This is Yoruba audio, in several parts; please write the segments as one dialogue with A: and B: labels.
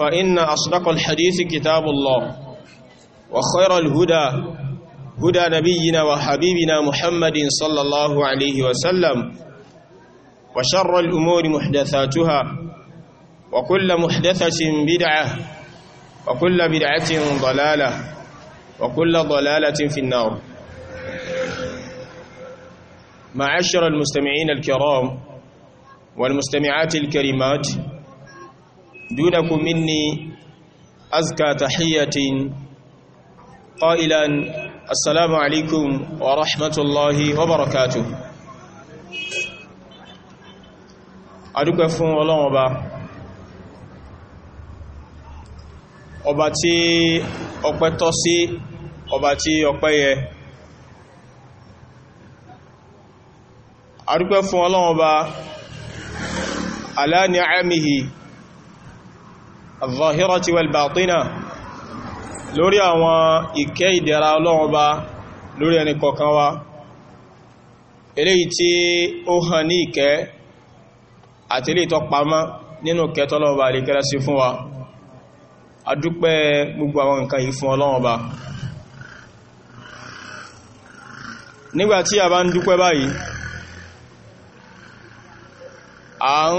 A: فإن أصدق الحديث كتاب الله وخير الهدى هدى نبينا وحبيبنا محمد صلى الله عليه وسلم وشر الأمور محدثاتها وكل محدثة بدعة وكل بدعة ضلالة وكل ضلالة في النار معاشر المستمعين الكرام والمستمعات الكريمات دونكم مني أزكى تحية قائلا السلام عليكم ورحمة الله وبركاته adúpẹ́ fún ọlọ́run ọba ọba tí ọpẹ́ tọ́ sí ọba tí ọpẹ́ yẹ adúpẹ́ fún ọlọ́run ala ni amihi al-zahirati wal-batina lórí àwọn ìkẹ́ ìdẹ̀ra ọlọ́run ba lórí ẹni kọ̀ọ̀kan wa eléyìí tí ó hàn ní ìkẹ́ àti eléyìí tó pamọ́ nínú kẹtọ́lọ́ọ̀bá àríkẹ́lá sí fún wa adúpẹ́ gbogbo àwọn nǹkan yìí fún ọlọ́run ba nígbàtí a ń dúpẹ́ báyìí à ń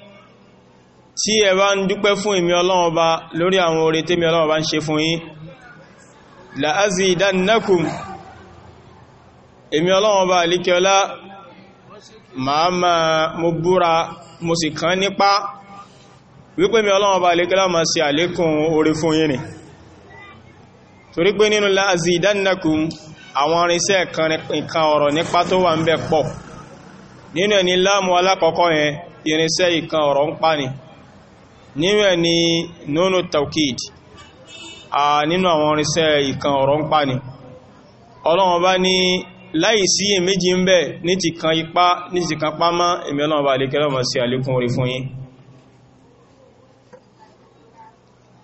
A: tí ẹ bá ń dúpẹ́ fún ìmí Ọlọ́run Ọba lórí àwọn oore tèmi Ọlọ́run Ọba ń ṣe fún yín la'azidannakum ìmí Ọlọ́run Ọba àlíkẹ́ọlá máa máa mo búra mo sì kàn nípa wípé mi Ọlọ́run Ọba àlíkẹ́ọlá máa ṣe àlékún oore fún yín ni torí pé nínú la'azidannakum àwọn irinṣẹ́ ìkan ọ̀rọ̀ nípa tó wà ń bẹ pọ̀ nínú ẹni láàmú alákọ̀ọ́kọ́ yẹn irinṣẹ́ ìkan ọ̀rọ̀ ń pa ni nínú ni nínú taukid a nínú àwọn orinṣẹ́ ìkan ọ̀rọ̀ ń pa ni ọlọ́run bá ní láì sí èméjì ń bẹ ní ti kan ipá ní ti kan pámá èmì bá sí orí fún yín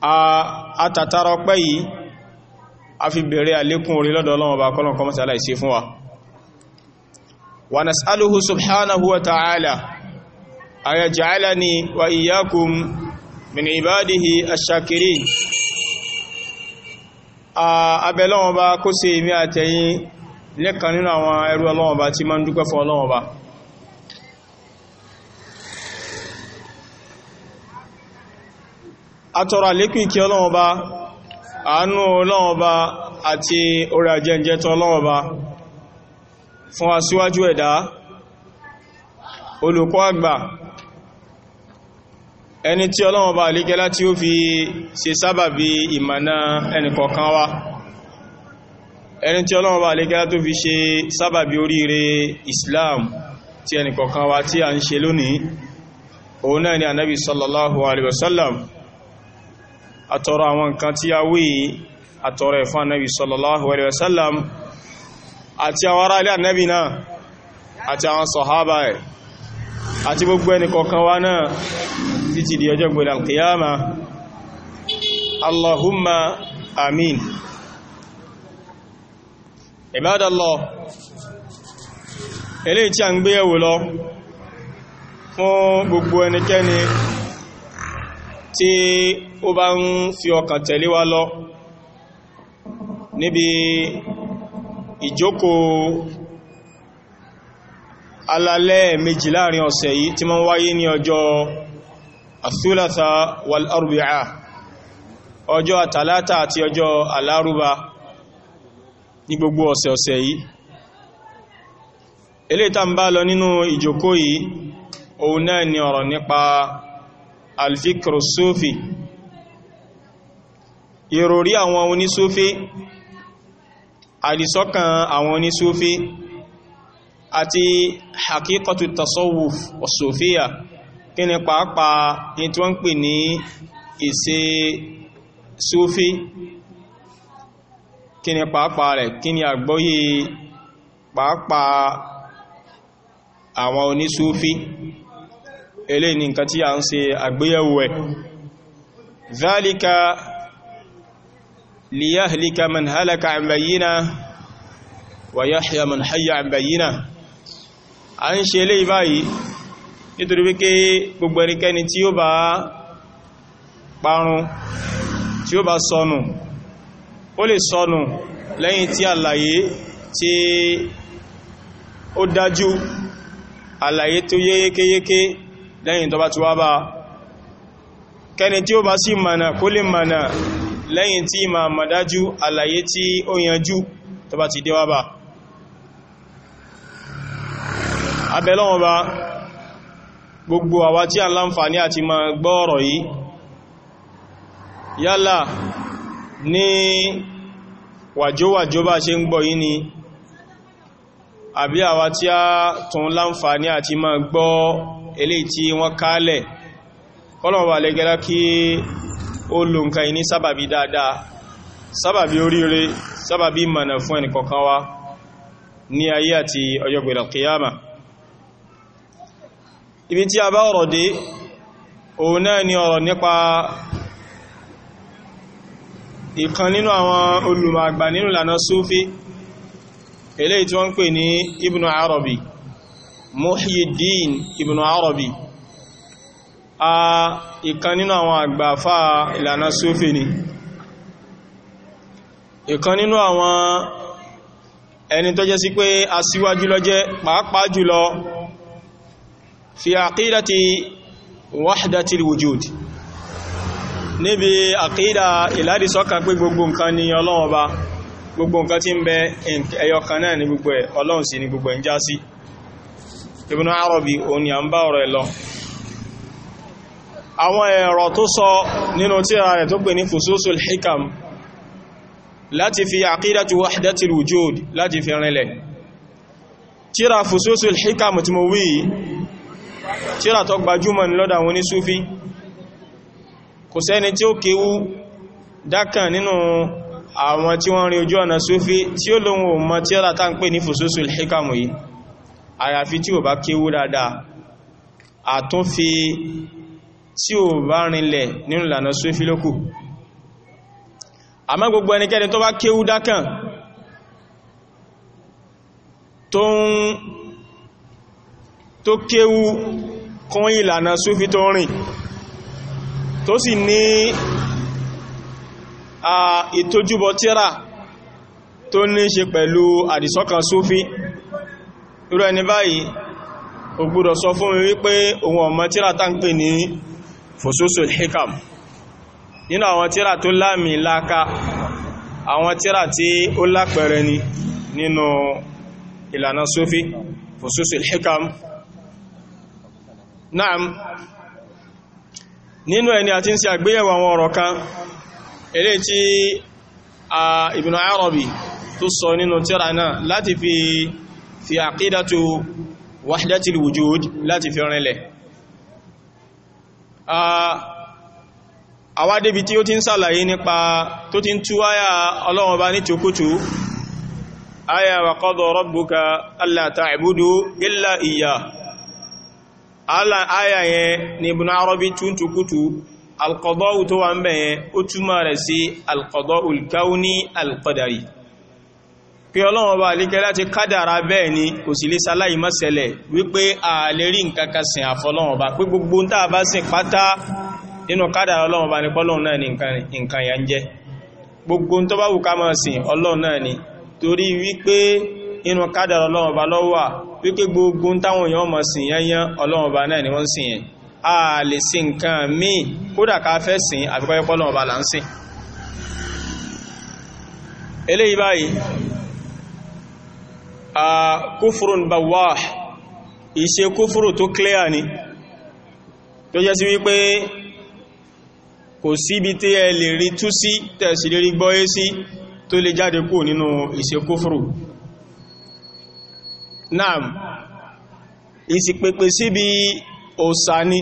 A: a àtàtàrà yìí a fi bèèrè àlékún orí lọ́dọ̀ ọlọ́run bá min ibadihi ash-shakirin abẹ́lọ́wọ́n ba kó ṣe èmi àtẹ̀yìn lẹ́kan nínú àwọn ẹrú ọlọ́wọ́n bá tí ma ń dúpẹ́ fún ọlọ́wọ́n bá atọ́rọ àlékún ìkẹ́ ọlọ́wọ́n bá àánú ọlọ́wọ́n bá àti orí agba. ẹni tí ọlọ́wọ́n bá alékẹ́ láti ó fi ṣe sábàbí ìmànà ẹnìkọ̀ọ̀kan wa ẹni tí ọlọ́wọ́n bá alékẹ́ láti ó fi ṣe sábàbí oríire Islam tí ẹnìkọ̀ọ̀kan wa tí a ń ṣe lónìí òun náà ni ànábì sallallahu alaihi wasallam àtọrọ àwọn nǹkan tí a wí àtọrọ ẹ̀fún ànábì sallallahu alaihi wasallam àti àwọn ará ilé ànábì náà àti àwọn sọ̀hábà àti gbogbo ẹni kọ̀ọ̀kan wa náà títí di ọjọ́ gbogbo alkiyama allahumma amin ibadallah eléyìí tí a ń gbé yẹ̀wò lọ fún gbogbo ẹnikẹ́ni tí ó bá ń fi ọkàn tẹ̀lé wa lọ níbi ìjókòó alalẹ́ méjì láàrin ọ̀sẹ̀ yìí tí máa ń wáyé ní ọjọ́ athulata wal arbi'a ọjọ́ àtàlátà àti ọjọ́ alárúbá ní gbogbo ọ̀sẹ̀ ọ̀sẹ̀ yìí eléyìí tá ń bá lọ nínú ìjókòó yìí òun náà ni ọ̀rọ̀ nípa alfikro ìròrí àwọn onísúfí àdìsọ́kàn àwọn onísúfí àti hakíkọtù tasawuf ọ̀sọ̀fíà kí ni pàápàá ní tí wọ́n ń pè ní ìṣe súfí kí ni pàápàá rẹ̀ kí ni àgbọ́yé pàápàá àwọn onísúfí elé ni nǹkan tí a ń ṣe àgbéyẹ̀wò ẹ̀ liyahlika man halaka an bayyina wa yahya man hayya an bayyina a ń ṣe eléyìí báyìí nítorí wíké gbogbo ẹnikẹ́ni tí ó bá parun tí ó bá sọnù ó lè sọnù lẹ́yìn tí àlàyé tí ó dájú àlàyé tó yé yékéyéké lẹ́yìn tó bá ti wá bá kẹni tí ó bá sì mọ̀nà kó lè mọ̀nà lẹ́yìn tí ma mọ̀ dájú àlàyé tí ó yanjú tó bá ti dé bá abẹ́lọ́wọ́n bá gbogbo àwa tí a láǹfàní àti ma gbọ́ọ̀rọ̀ yìí yálà ní wàjówàjó bá ṣe ń gbọ́ yìí ni àbí àwa tí a tún láǹfàní àti ma gbọ́ eléyìí tí wọ́n kálẹ̀ kọ́lọ̀wà lẹ́gẹ́lá kí ó lò nǹkan yìí ní sábàbí dáadáa sábàbí oríire sábàbí ìmọ̀nà wa ní ayé àti ọjọ́ gbẹ̀rẹ̀ ibi tí a bá ọ̀rọ̀ dé òun náà ni ọ̀rọ̀ nípa ìkan nínú àwọn olùmọ̀àgbà nínú ìlànà súfí eléyìí tí wọ́n ń pè ní Ibn Arabi Muhyiddin Ibn Arabi a ìkan nínú àwọn àgbàfà ìlànà sufi ni ìkan nínú àwọn ẹni tó jẹ́ sí pé aṣíwájú ló jẹ́ pàápàá jùlọ fi àkídàtí wahdatil wujud níbi àkídà ìlàdìsọ́kàn pé gbogbo nǹkan ni Ọlọ́run Ọba gbogbo nǹkan tí ń bẹ ẹyọkan náà ní gbogbo ẹ̀ Ọlọ́run sí ní gbogbo ẹ̀ ń já sí Ibn Arabi òun ni à ń bá ọ̀rọ̀ ẹ̀ lọ àwọn ẹ̀rọ tó sọ nínú tírà rẹ̀ tó pè ní fususul hikam láti fi àkídàtí wahdatil wujud láti fi rinlẹ̀ tírà fususul hikam tí mo wí tíra tó gbajúmọ̀ ní lọ́dà wọn ní súfí kò sẹ́ni tí ó kéwú dákàn nínú àwọn tí wọ́n rí ojú ọ̀nà súfí tí ó lóhun ọmọ tíra tá ń pè ní fususul hikamu yìí àyàfi tí ò bá kéwú dáadáa àtúnfi tí ò bá rinlẹ̀ nínú ìlànà súfí lókù àmọ́ gbogbo ẹnikẹ́ni tó bá kéwú dákàn tó ń tó kéwú kún ìlànà súfí tó rìn tó sì ní ìtójúbọ tíra tó ní ṣe pẹ̀lú àdìsọ́kan súfí irú ẹni báyìí ó gbọ́dọ̀ sọ fún mi wípé ohun ọmọ tíra tá ń pè ní Fususul Hikam nínú àwọn tíra tó láàmì láka àwọn tíra tí ó lápẹẹrẹ ni nínú ìlànà súfí Fususul Hikam Naam nínú ẹni àti ń ṣe àgbéyẹ̀wò àwọn ọ̀rọ̀ kan eré tí a Ibn Arabi tó sọ nínú tírà náà láti fi fi aqidatu wahdatil wujud láti fi rinlẹ̀ àwa débi tí ó ti ń sàlàyé nípa tó ti ń tú áyà Ọlọ́run bá ní ala àyà yẹn ní Ibn Arabi túntukútù alqada'u tó wà ń bẹ̀ yẹn ó túmọ̀ rẹ̀ ọba àlékẹ́ láti kádàrá bẹ́ẹ̀ ni kò sì lè sáláì má wípé a lè rí nǹkan kan sìn àfọlọ́run ọba pé gbogbo tá bá sìn pátá nínú kádàrá ọlọ́run ọba ní náà ni nǹkan gbogbo bá wù ká máa sìn náà ni torí wípé nínú wípé gbogbo táwọn èèyàn mọ̀ sìn yányán ọlọ́run ọba náà ni wọ́n sìn yẹn a lè sìn nǹkan míì kódà ká fẹ́ sìn àfikọ́yẹ́pọ́ ọlọ́run ọba là ń sìn eléyìí báyìí a kúfùrùn bawah ìṣe kúfùrù tó clear ni tó jẹ́ sí wípé kò síbi tí ẹ lè rí tú sí tẹ̀sí lè rí gbọ́yé sí tó lè jáde kú nínú ìṣe kúfùrù naam ìsìpèpè síbi òsà ni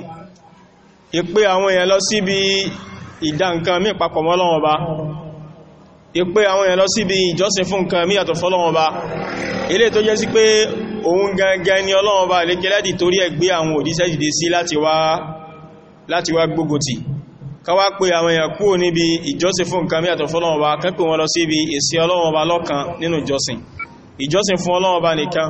A: ìpè àwọn èèyàn lọ síbi ìdá nǹkan mí papọ̀ mọ́lọ́wọ́ ba ìpè àwọn èèyàn lọ síbi ìjọsìn fún nǹkan mí yàtọ̀ fọ́lọ́wọ́ ba ilé tó jẹ́ sí pé òun gangan ni ọlọ́wọ́ ba lékẹ́ láti torí ẹ̀ gbé àwọn òdíṣẹ́ jìdí sí láti wá láti káwá pé àwọn èèyàn kúrò níbi ìjọsìn fún nǹkan mí yàtọ̀ fọ́lọ́wọ́ ba kẹ́pẹ́ wọn lọ síbi ìsìn ọlọ́wọ́ ba lọ́kan nínú ìjọsìn ìjọsìn fún ọlọ́wọ́ ba nìkan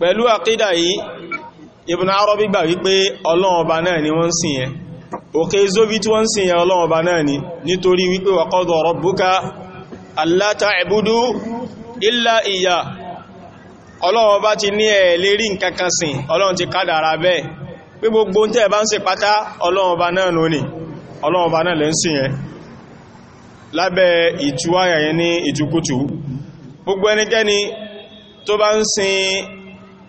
A: pẹ̀lú àkídà yìí Ibn Arabi gbà wípé Ọlọ́run ọba náà ni wọ́n sìn yẹn òkè zobi tí wọ́n sìn yẹn Ọlọ́run ọba náà ni nítorí wípé wa qada rabbuka alla ta'budu illa iya Ọlọ́run ọba ti ní ẹ̀ lérí nkankan sìn Ọlọ́run ti kádàrà bẹ́ẹ̀ gbogbo ẹnikẹ́ni tó bá ń sìn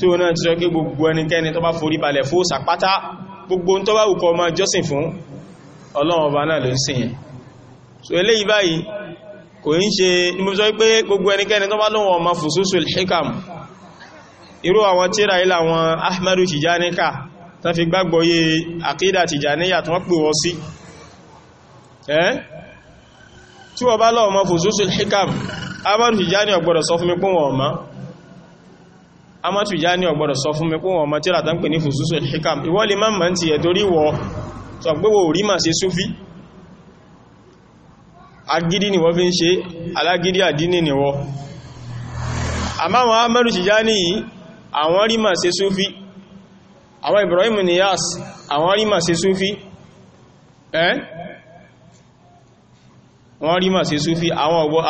A: tí ó náà ti rẹ́ pé gbogbo ẹnikẹ́ni tó bá forí balẹ̀ fún sàpátá gbogbo tó bá wùkọ ọmọ jọ́sìn fún ọlọ́run ọba náà ló ń sìn yẹn so eléyìí báyìí kò ń ṣe ní mo gbogbo ẹnikẹ́ni tó bá lóhun ọmọ fususul hikam irú àwọn ahmadu tijanika tó fi gbàgbọ́ yé àkídà tijaniya tó wọ́n pè wọ́n sí tí wọ́n bá lọ́wọ́ ọmọ fususul tijani ọgbọ́dọ̀ sọ fún mi amátù já ní ọgbọ̀dọ̀ sọ fún mi pé wọn mọ̀tíra tán pè ní fùsúsù ìhìkàm ìwọ́ lè máa mọ̀ntí ẹ̀ torí wọ sọ pé wò rí màá ṣe súfí agídí ni wọ́n fi ń ṣe alágídí àdínì ni wọ́ àmáwọn amẹ́rù ti já ní yìí àwọn rí màá ṣe súfí àwọn Ibrahim Niyas àwọn rí màá ṣe súfí ẹ́ wọ́n rí màá ṣe súfí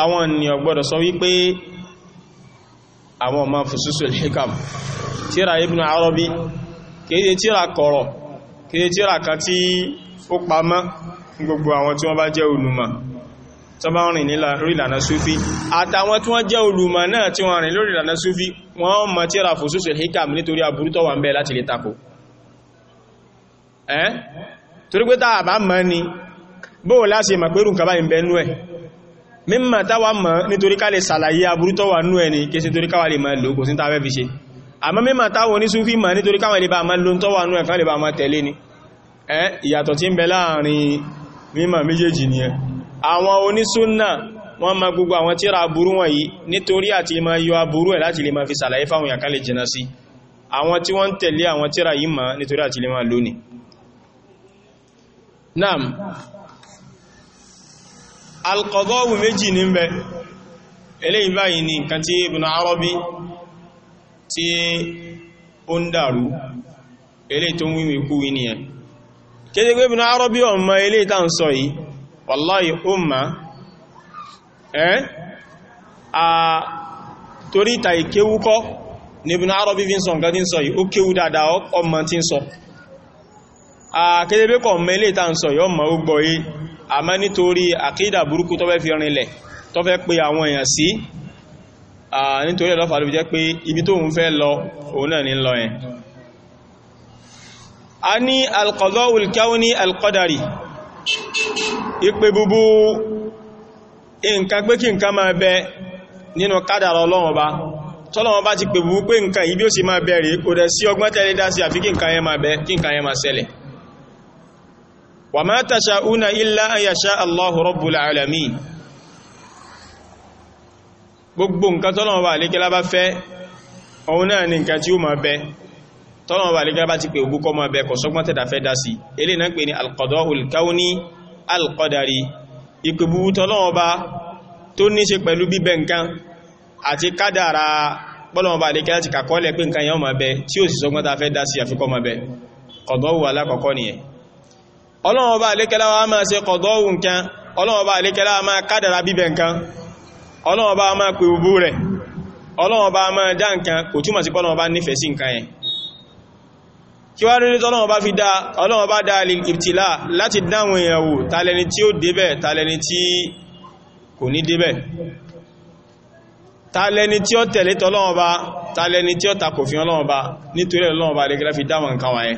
A: àwọn ni ọgbọ̀dọ̀ sọ pe àwọn ọmọ fususul hikam tíra Ibn Arabi kéde tíra kọ̀rọ̀ kéde tíra kan tí ó pamọ́ fún gbogbo àwọn tí wọ́n bá jẹ́ olùmọ̀ tó bá rìn lórí ìlànà súfí àtàwọn tí wọ́n jẹ́ olùmọ̀ náà tí wọ́n rìn lórí ìlànà súfí wọ́n mọ̀ tíra fususul hikam nítorí aburú tó wà ń bẹ láti lè tako torí pé tá a bá ni bóò láti mọ̀ pé rùn kaba ìbẹ̀nú ẹ̀ mímọ̀ táwà mọ̀ nítorí ká lè sàlàyé aburú tó wà nú ẹni kí sí torí káwà lè máa lò kò sí tàwẹ́ fi ṣe àmọ́ mímọ̀ táwọn onísúfí mọ̀ nítorí káwà lè bá máa lò tó wà nú ẹ̀kan lè bá máa tẹ̀lé ni ẹ́ ìyàtọ̀ tí ń bẹ láàrin mímọ̀ méjèèjì ni ẹ àwọn onísúnnà wọ́n ma gbogbo àwọn tíra aburú wọ̀nyí nítorí àti lè máa yọ aburú ẹ̀ láti lè máa fi sàlàyé fáwọn èèyàn alkọ̀dọ́wù méjì ní bẹ eléyìí báyìí ni nǹkan tí Ibn Arabi tí ó ń dàrú eléyìí tó ń wíwí kú wí kéde pé Ibn Arabi ọmọ eléyìí a torí ta ìkéwúkọ́ ní Ibn Arabi fi ń sọ nǹkan tí ń sọ yìí ó a kéde pé kọ̀ ọmọ sọ yìí àmọ́ nítorí àkídà burúkú tó fẹ́ fi rinlẹ̀ tó fẹ́ pé àwọn èèyàn sí nítorí ẹ̀lọ́fà ló jẹ́ pé ibi tó ń fẹ́ lọ òun náà ní lọ yẹn a ní alkọ̀dọ́ ulkẹ́wọ́ ní alkọ́dàrí ipe búbú nǹkan pé kí nǹkan máa bẹ nínú kádàrà Ọlọ́run bá tọ́lọ́run bá ti pè búbú pé nǹkan ibi ó sì máa bẹ̀rẹ̀ kò dẹ̀ sí ọgbọ́n tẹ́lẹ́dá sí àfi kí nǹkan yẹn máa bẹ wa ma tasha'una illa an yasha Allahu rabbul alamin gbogbo nǹkan tọ́lọ̀wọ́ bá alékẹ́lá bá fẹ́ ọun náà ni nǹkan tí ó máa bẹ tọ́lọ̀wọ́ bá alékẹ́lá bá ti pè ogúkọ́ máa bẹ kò sọ́gbọ́n tẹ́dà fẹ́ dá sí elé náà pè ní al-qada'ul kawni al ọlọ́run ọba àlékẹ́lá wa máa ṣe kọ̀dọ̀ ohun kan ọlọ́run ọba àlékẹ́lá wa máa kádàrà bíbẹ̀ nǹkan ọlọ́run ọba máa pè òbú rẹ̀ ọlọ́run ọba máa dá nǹkan kò túmọ̀ sí pọ́lọ́run ọba nífẹ̀ẹ́ sí nǹkan yẹn kí wá rírí tọ́lọ́run ọba fi dá ọlọ́run ọba dá ìbtìlá láti dáwọn èèyàn wò talẹni tí ó débẹ̀ talẹni tí kò ní débẹ̀ talẹni tí ó tẹ̀lé tọ́lọ́run ọba talẹni tí ó takò fi ọlọ́run ọba nítorí ọlọ́run ọba àlékẹ́lá fi dáwọn nǹkan wáyẹn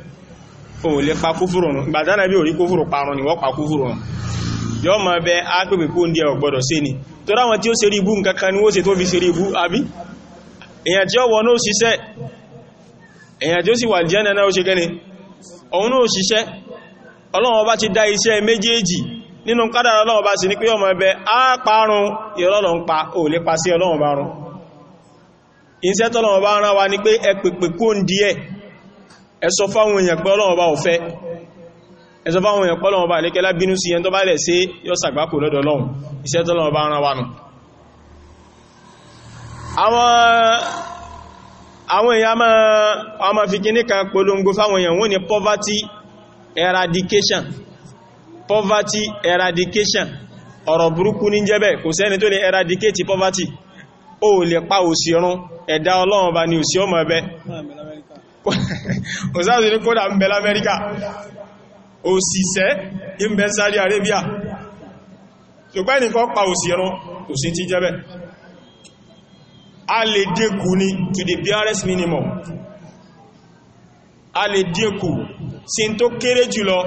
A: o le pa kúfùrù rùn gbàdánà bí òrí kúfùrù parun ni wọ́n pa kúfùrù rùn yọ́ ma bẹ a kó ní ẹ̀rọ gbọ́dọ̀ sí ni tó ráwọn tí ó ṣe rí ibú nǹkan kan ni ó ṣe tó fi ṣe rí ibú àbí èyàn tí ó wọ náà ṣiṣẹ́ èyàn tí ó sì wà jẹ́nà náà ó ti dá iṣẹ́ méjèèjì nínú kádàrà ọlọ́wọ́n bá sì ní pé ọmọ á parun pa ẹ sọ fáwọn èèyàn pé Ọlọ́run bá ọ̀fẹ́ ẹ sọ fáwọn èèyàn pé Ọlọ́run bá lékẹ́ lábínú sí ẹn tó bá lẹ̀ sí yọ́ sàgbákò lọ́dọ̀ Ọlọ́run iṣẹ́ tó bá poverty eradication poverty eradication ọ̀rọ̀ burúkú ní jẹ́bẹ̀ kò sẹ́ni eradicate poverty ó lè pa òsì run ẹ̀dá Ọlọ́run bá ní òsì ọmọ ẹbẹ́ òsáàsì ní kódà ń bẹ l'Amẹ́ríkà òṣìṣẹ́ ń bẹ Saudi Arabia ṣùgbọ́n nìkan pa òṣìrún òṣì tí jẹ́ bẹ́ a lè dínkù ní to the barest minimum a lè dínkù sí tó kéré jùlọ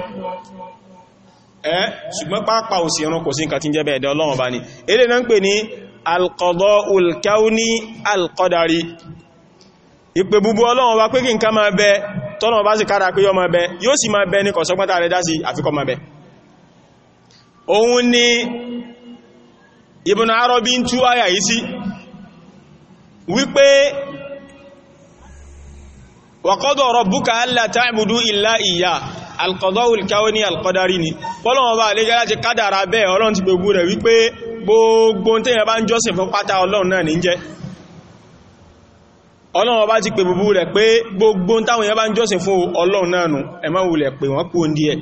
A: ẹ́ ṣùgbọ́n pápá òṣìrún kò sí nǹkan tí jẹ́ bẹ́ ẹ̀dẹ́ Ọlọ́run bá ní eré náà ń pè ní alqada'ul kauni alqadari ìpè búbú ọlọ́run wa pé kí nǹkan máa bẹ tọ́nà bá sì kára pé yọ máa bẹ yóò sì máa bẹ ní kọ̀sọ́pátá rẹ̀ dásí àfikọ́ máa bẹ òun ni Ibn Arabi ń tú àyà yìí sí wípé wa qada rabbuka alla ta'budu illa iyyah alqada'ul kawni alqadari ni pọ́lọ̀wọ́n bá lẹ́gẹ́ láti kádàrà bẹ́ẹ̀ ọlọ́run ti gbogbo rẹ̀ wípé gbogbo tẹ́yẹ bá ń jọ́sìn fún pátá ọlọ́run náà ọlọ́run ọba ti pè búbú rẹ̀ pé gbogbo táwọn èèyàn bá ń jọ́sìn fún ọlọ́run náà nù wulẹ̀ wọ́n kú ndí ẹ̀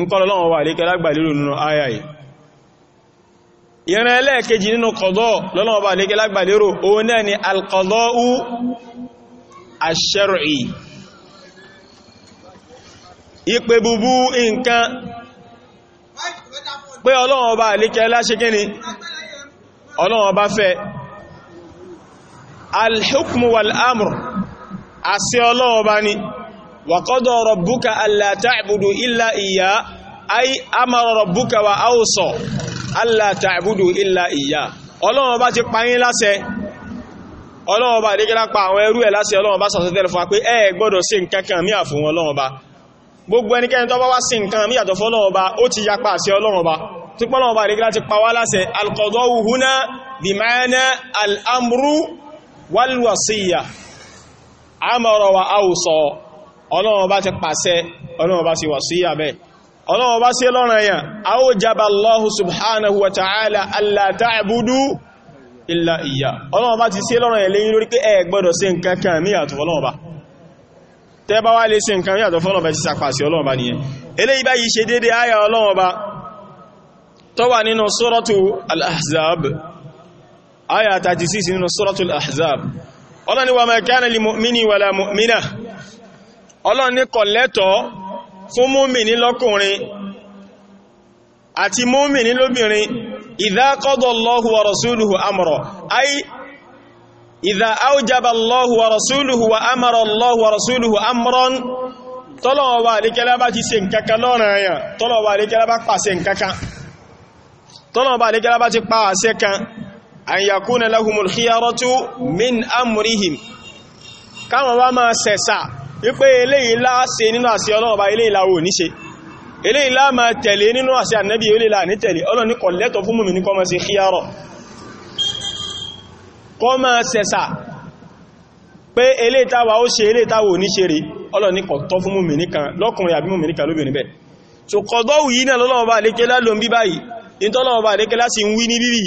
A: ń kọ́ ọba àlékẹ́ lágbàlérò nínú àyà yìí ìran ẹlẹ́ẹ̀kejì nínú kọ̀dọ́ lọ́lọ́run ni alhukmu wal amr àṣẹ Ọlọ́hun bá ní wa qada rabbuka alla ta'budu illa iya ay amara rabbuka wa awsa alla ta'budu illa iya Ọlọ́hun bá ti pa yín láṣẹ Ọlọ́hun bá dékẹ́lá pa àwọn ẹrú ẹ̀ láṣẹ Ọlọ́hun bá sọ̀tẹ́lẹ̀ fún wa pé ẹ gbọ́dọ̀ sí nǹkan kan mí àfún Ọlọ́hun bá gbogbo ẹnikẹ́ni tó bá wá sí nǹkan mí yàtọ̀ fọ́lọ́run ọba ó ti yapa àṣẹ Ọlọ́run ọba tí pọ́lọ́run ọba rí láti pa wá láṣẹ alqadau huna bi ma'na al-amru wálwàsíyà àmọ̀rọ̀ wa áwùsọ ọlọ́run bá ti pàṣẹ ọlọ́run bá sì wàsíyà bẹ́ẹ̀ ọlọ́run bá sí lọ́rọ̀ ẹ̀yà àwòjábà Allahu subhanahu wa ta'ala alla ta'budu illa iya ọlọ́run bá ti sí lọ́rọ̀ ẹ̀ lẹ́yìn lórí pé ẹ gbọ́dọ̀ sí nǹkan kan ní àtọ̀ ọlọ́run bá tẹ́ bá wá lè sí nǹkan aya 36 nínú suratul ahzab ọlọ́ni wa ma kana li mu'mini wala mu'mina ọlọ́ni kò lẹ́tọ̀ fún múmìnì lọ́kùnrin àti múmìnì lóbìnrin idha qada Allahu wa rasuluhu amra ay idha awjaba Allahu wa rasuluhu wa amara Allahu wa rasuluhu amran tọ́lọ̀wọ̀ wà lékẹ́lá bá ti ṣe nǹkankan lọ́rọ̀ ẹ̀yàn tọ́lọ̀wọ̀ wà lékẹ́lá bá pàṣẹ nǹkankan tọ́lọ̀wọ̀ an yakuna lahumul khiyaratu min amrihim káwọn wá máa sẹ̀sà wípé eléyìí láàṣẹ nínú àṣẹ ọlọ́run ọba eléyìí láwò níṣe eléyìí láà máa tẹ̀lé nínú àṣẹ ànẹ́bí eléyìí láà ní tẹ̀lé ọlọ́run ní kò lẹ́tọ̀ọ́ fún mùmínì kó máa ṣe khiyarọ̀ kó máa sẹ̀sà pé eléyìí táwa ó ṣe eléyìí táwa ò ní ṣe rè ọlọ́run ní kò tọ́ fún mùmínì kan lọ́kùnrin àbí mùmínì kan lóbìnrin bẹ́ẹ̀ so kọ̀dọ́wù yìí náà lọ́lọ́run ọba àlékelá ló ń bí báyìí ìtọ́lọ́run ọba àlékelá sì ń wí ní bíbí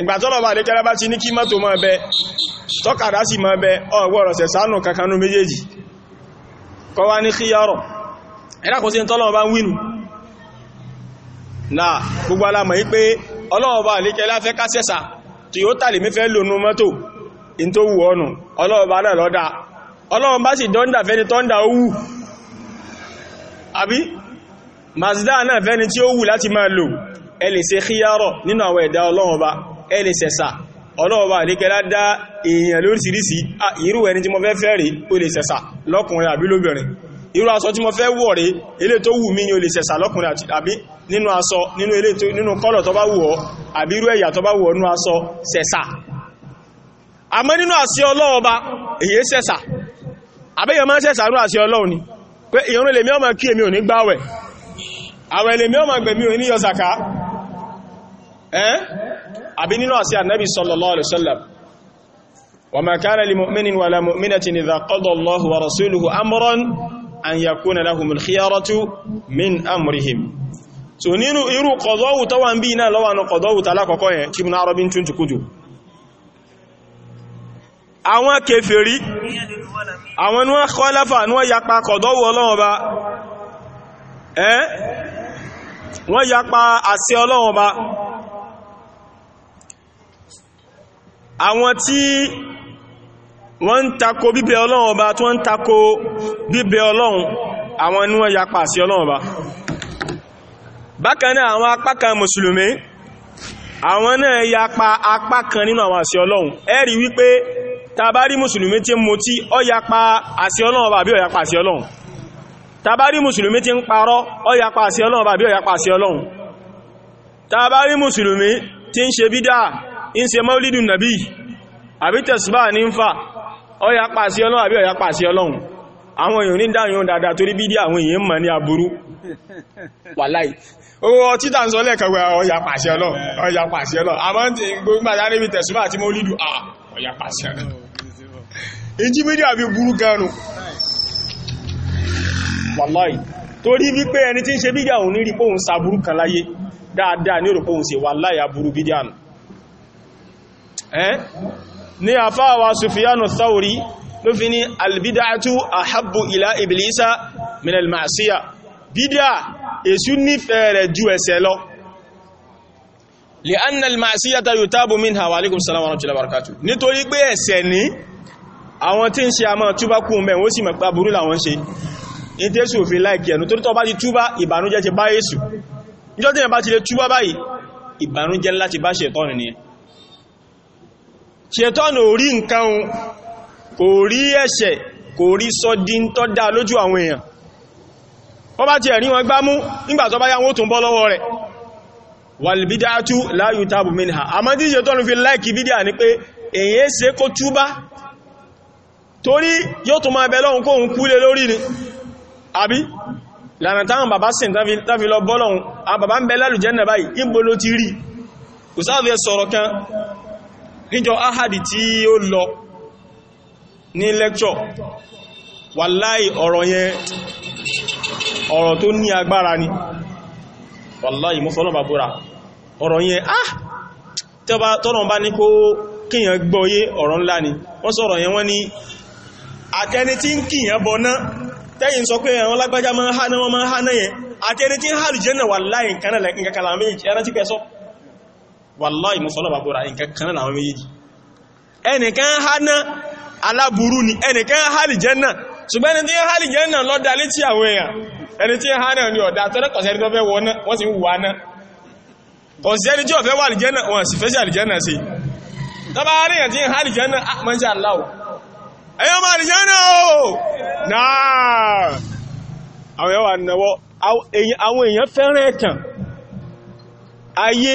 A: ìgbàtọ́lọ̀bà àdékẹ́lá bá ti ní kí mọ́tò máa bẹ tọ́kàdá sì máa bẹ ọgbọ́rọ̀ sẹ̀sánù kankanú méjèèjì kọ́ wá ní kíyàrọ̀ ẹ̀dàkùn sí tọ́lọ̀bà wínú na gbogbo alamọ̀ yí pé ọlọ́ọ̀bà àdékẹ́lá fẹ́ kásẹ̀sà Toyota lè mẹ́fẹ́ lónú mọ́tò in tó wù ọnù ọlọ́ọ̀bà náà lọ́dá ọlọ́ọ̀bà bá sì dọ́ndà fẹ́ni tọ́ndà ó wù àbí Mazda náà fẹ́ni tí ó wù láti máa lò ẹ lè ṣe kíyàrọ̀ nínú àwọn ẹ̀dá ọlọ́run ọba ẹ lè ṣẹ̀ṣà ọlọ́run ọba àlékẹ́lá dá èèyàn lóríṣiríṣi irú ẹni tí mo fẹ́ fẹ́ rí ó lè ṣẹ̀ṣà lọ́kùnrin àbí lóbìnrin irú aṣọ tí mo fẹ́ wọ̀ rí ilé tó wù ni ó lè ṣẹ̀ṣà lọ́kùnrin àbí nínú aṣọ nínú ilé tó nínú kọ́lọ̀ tó bá wù ọ́ àbí irú ẹ̀yà tó bá wù ọ́ nínú aṣọ ṣẹ̀ṣà àmọ́ nínú àṣẹ ọlọ́run ọba èyí ṣẹ̀ṣà ọmọ gbẹ̀mí ò ní yọ zàká ẹ́n eh? àbí nínú àṣí ànábì sallallahu alaihi wasallam wa ma kana li mu'minin wa la mu'minatin idha qada Allahu wa rasuluhu amran an yakuna lahumul khiyaratu min amrihim so nínú irú qadawu tó wà ń bí àwọn tí wọ́n ń takò bíbẹ ọlọ́run ọba tí wọ́n ń takò bíbẹ ọlọ́run àwọn ni wọ́n yapa sí ọlọ́run ọba bákan náà àwọn apá mùsùlùmí àwọn náà yapa apá kan nínú àwọn àṣẹ ọlọ́run ẹ wípé tabari mùsùlùmí tí mo tí ọ yapa àṣẹ ọlọ́run ọba àbí ọ yapa ọlọ́run tabari mùsùlùmí tí ń parọ́ ọ yapa àṣẹ ọlọ́run ọba àbí ọ yapa ọlọ́run tabari mùsùlùmí tí ń ṣe bídà ń ṣe maulidun nabi àbí tẹ̀sùbá ní ń fà ọya pàṣẹ ọlọ́run àbí ọya pàṣẹ ọlọ́run àwọn èèyàn ní dáyàn dáadáa torí bídí àwọn èèyàn mọ̀ ní aburú wàláì owó ọtí tà ń sọ lẹ́ẹ̀kẹ́gbẹ́ ọya pàṣẹ ọlọ́run ọya pàṣẹ ọlọ́run àmọ́ tí gbogbo àdáre bí tẹ̀sùbá àti maulidu ọya ah, pàṣẹ ọlọ́run ìjí bídí àbí burú ganu wàláì torí wípé ẹni tí ń ṣe bídí àwọn onírí pòun sa burú kan láyé dáadáa ní òròpòun ṣe wàláì aburú bídí àná Eh? ní àfáàwà sufiyanu thauri ló fi ní albidatu ahabbu ila iblisa min almasiya bidá èṣù nífẹ̀ẹ́ rẹ̀ ju ẹ̀ṣẹ̀ lọ lè anna almasiyata yutabu minha wa alaikum salam wa rahmatullahi wa barakatuh nítorí pé ẹ̀ṣẹ̀ ní àwọn tí ń ṣe àmọ́ túbá kú mẹ́ wọ́n sì mẹ́pá burú làwọn ṣe ní tẹ́sù òfin láìkì ẹ̀nu torí tó bá ti túbá ìbànújẹ́ ti bá èṣù níjọ́ tí ẹ̀ bá ti lè túbá báyìí ìbànújẹ́ láti bá ṣe tọ́nì nìyẹn ṣètọ́nù orí nǹkan kò rí ẹ̀ṣẹ̀ kò rí sọ́dí ń tọ́ dá lójú àwọn èèyàn wọ́n bá ti ẹ̀rí wọn gbá mú nígbà tó bá yá wọ́n tún bọ́ lọ́wọ́ rẹ̀ wàlìbídáàtú láyù tábù mìnà àmọ́ tí ṣètọ́nù fi láìkì bídíà ní pé èyí ṣe kó túbá torí yóò tún máa bẹ lọ́hun kóhun níjọ ahadi tí ó lọ ní lecture wàláì ọ̀rọ̀ yẹn ọ̀rọ̀ tó ní agbára ni wàláì mọ́sọ́lọ́ bàbúra ọ̀rọ̀ yẹn ah tẹ́bà tọ́nà bá ní kó kíyàn ọ̀rọ̀ ńlá ni wọ́n sọ̀rọ̀ yẹn wọ́n ni àtẹni tí ń kíyàn bọ̀ náà tẹ́yìn sọ pé lágbájá máa ń wọ́n máa ń yẹn tí ń náà wà láì lẹ́kìn wallahi ìmúsọ́lọ́bà bọ́ra nǹkan kanáà làwọn méjì ẹnìkan hánà aláburú ni ẹnìkan hálì jẹ́nà ṣùgbọ́n ẹni tí ń hálì jẹ́nà lọ́dá létí àwọn èèyàn ẹni tí ń hánà ni ọ̀dá tọ́lẹ́ kọ̀sẹ́ni tó fẹ́ wọ́n wọ́n sì ń wà náà kọ̀sẹ́ni tí ó fẹ́ wà àlìjẹ́nà wọ́n sì fẹ́ sí ah, àwọn èèyàn wà ayé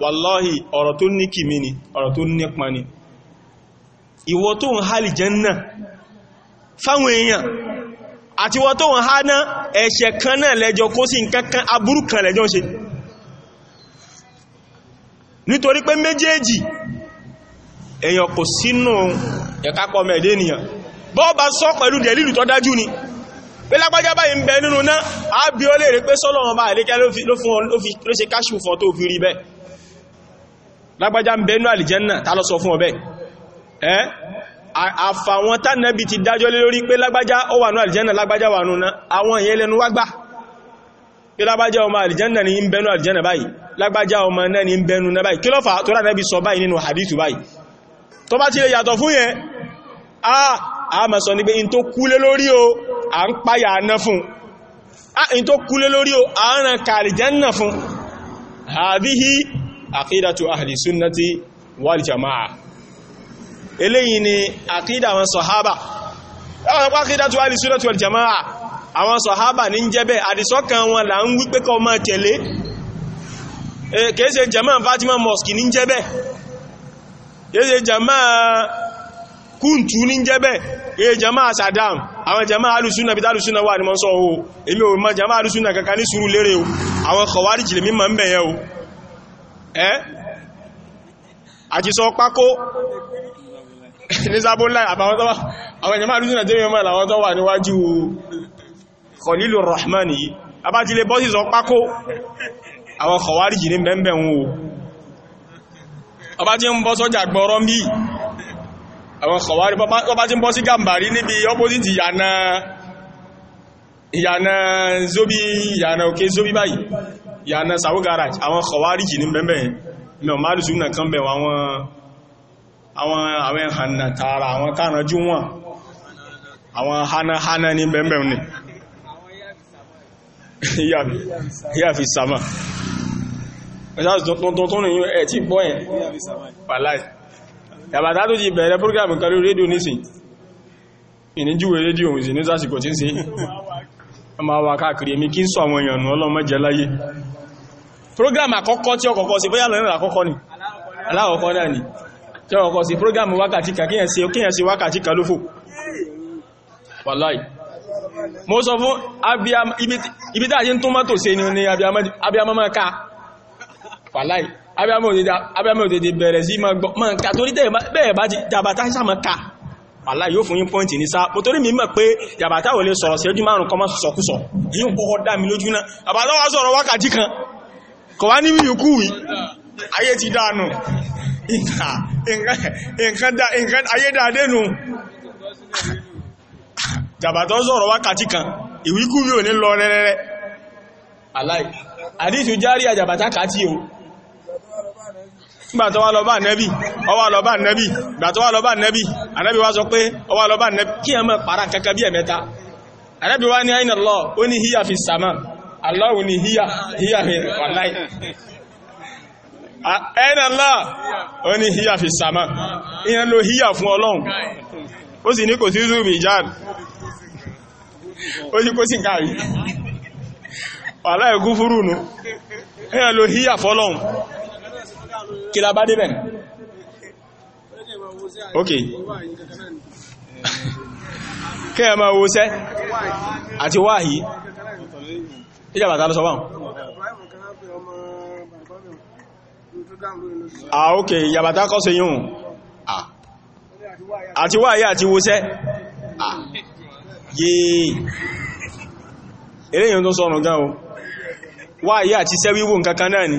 A: wàláhì ọ̀rọ̀ tó ní kìmí ni ọ̀rọ̀ tó nípa ni ìwọ tó ń hálì jẹ́nnà fáwọn èèyàn àti wọ́n tó ń há ná ẹ̀ṣẹ̀ kan náà lẹ́jọ kó sí nǹkankan aburú kan lẹ́jọ ṣe nítorí pé méjèèjì èèyàn kò sínú ẹ̀kápọ̀ mẹ́ẹ̀dẹ́ ènìyàn bọ́ bá sọ pẹ̀lú dẹ̀lìlù tó dájú ni pé lágbájá báyìí ń bẹ nínú náà á bí ó lè rí pé sọ́lọ́wọ́n bá àlékẹ́ ló fi ṣe káṣù fọ́n tó fi rí bẹ́ẹ̀ lágbàjá ń bẹnú àlìjẹ́nà tá lọ sọ fún ọbẹ̀ ẹ́ àfàwọn tánàbí ti dájọ́ lé lórí pé lágbàjá ó wà ní àlìjẹ́nà lágbàjá wà núna àwọn èyẹ lẹ́nu wágbà pé lágbàjá ọmọ àlìjẹ́nà ni ń bẹnú àlìjẹ́nà báyìí lágbàjá ni ń bẹnú náà báyìí kí ló fà tó rà nẹ́bí sọ báyìí nínú hadithu báyìí a a mọ̀ sọ ni in tó kúlé lórí o à ń a in tó kúlé lórí o à ń ràn kàlìjẹ́nà fún àbíhí àkídàtù ahli sunnati wal jama'a eléyìí ni àkídà àwọn sọ̀hábà ẹwọ́n pa àkídàtù ahli sunnati wal jama'a àwọn sọ̀hábà ní jẹ́bẹ̀ àdìsọ́kàn wọn là ń wípé kó máa tẹ̀lé kèése jama'a Fatima mosque ní jẹ́bẹ̀ kèése jama'a kúntù ní jẹ́bẹ̀ kèése jama'a sadam àwọn jama'a alùsúnà bí tálùsúnà wà ní mọ́ sọ́ o èmi ò mọ̀ jama'a alùsúnà kankan ní sùúrù lérè o àwọn kọ̀wárìjì ẹ́ eh? àjíṣọ́ pákó ní sábónlá àbáwọn tó wà àwọn ìjọmá àrúsí nàìjíríà mọ́ àwọn tó wà níwájú Khalilur Rahman yìí abájílé bọ́sí sọ pákó àwọn kọ̀wárìjì ní mẹ́mẹ́ wọn o ọbájí ń bọ́ sọ́jà gbọ́rọ́ mí àwọn kọ̀wárì ọbájí ń bọ́ sí gàmbàrí níbi opposite ìyànà ìyànà zobi ìyànà òkè zobi báyìí yàna sàwó garage àwọn kọwàríjì ní bẹ́ẹ̀bẹ̀ ní ọmọdé súnà kan bẹ̀ àwọn àwọn àwọn hànà tààrà àwọn kánàjú wọn àwọn hánahánà ní bẹ́ẹ̀bẹ̀ ní yàfi sàmà yàbàtà tó ti bẹ̀rẹ̀ program kan lórí rédíò nísìn ìníjúwẹ̀ rédíò òun sí ní sásìkò tí ń sí ọmọ wa káàkiri èmi kí ń sọ àwọn èèyàn ọlọ́mọ́jẹ́ láyé program àkọ́kọ́ tí ọkọ̀kọ́ sí bóyá lọ́nà àkọ́kọ́ ni aláwọ̀kọ́ náà ni tí ọkọ̀kọ́ sí program wákàtí kan kíyàn sí kíyàn sí wákàtí kan lófò wàláì mo sọ fún ibi tí a ṣe ń tó mọ́tò sí ni abiyamọ́mọ́ká wàláì abiyamọ́ òdèdè bẹ̀rẹ̀ sí mọ́ ká torí bẹ́ẹ̀ bá ti jàbátá sáà mọ́ ká wàlá yóò fún yín pọ́ǹtì ní sá mo torí mi mọ̀ pé yàbàtà ò lè sọ̀rọ̀ sí ojú márùn kọmọ sọkúsọ yíò kọ́kọ́ dá mi lójú náà yàbàtà wá sọ̀rọ̀ wákàtí kan kò wá ní wíyù kú yìí ayé ti dànù nǹkan ayé dáadé nu yàbàtà sọ̀rọ̀ wákàtí kan ìwíkú yóò ní lọ rẹ́rẹ́rẹ́ aláì àdìsù járí àjàbàtà kàtí o gbàtọ́ wá lọ bá nẹ́bí ọwá lọ gbàtọ́ wá sọ pé ọwá lọ kí ẹ mọ́ para kankan bí ẹ̀mẹ́ta anẹ́bí wá ní lọ ó ní fi sàmà ala ní híyà híyà fi wàláì ẹ̀nà lọ ó ní fi sàmà ìyẹn ló híyà fún ọlọ́run ó sì ní kò sí zúbì ó sì kó sì ló kí la bá débẹ̀ ok kí ẹ máa wo sẹ́ àti wáhí ìjàbà tàbí sọ báhùn ah ok ìjàbà tàbí kọ́ sí yíò àti wáyé àti wóṣẹ́ yìí eléyìn tó sọ̀rọ̀ gan o wáyé àti sẹ́wíwò nǹkankan náà ni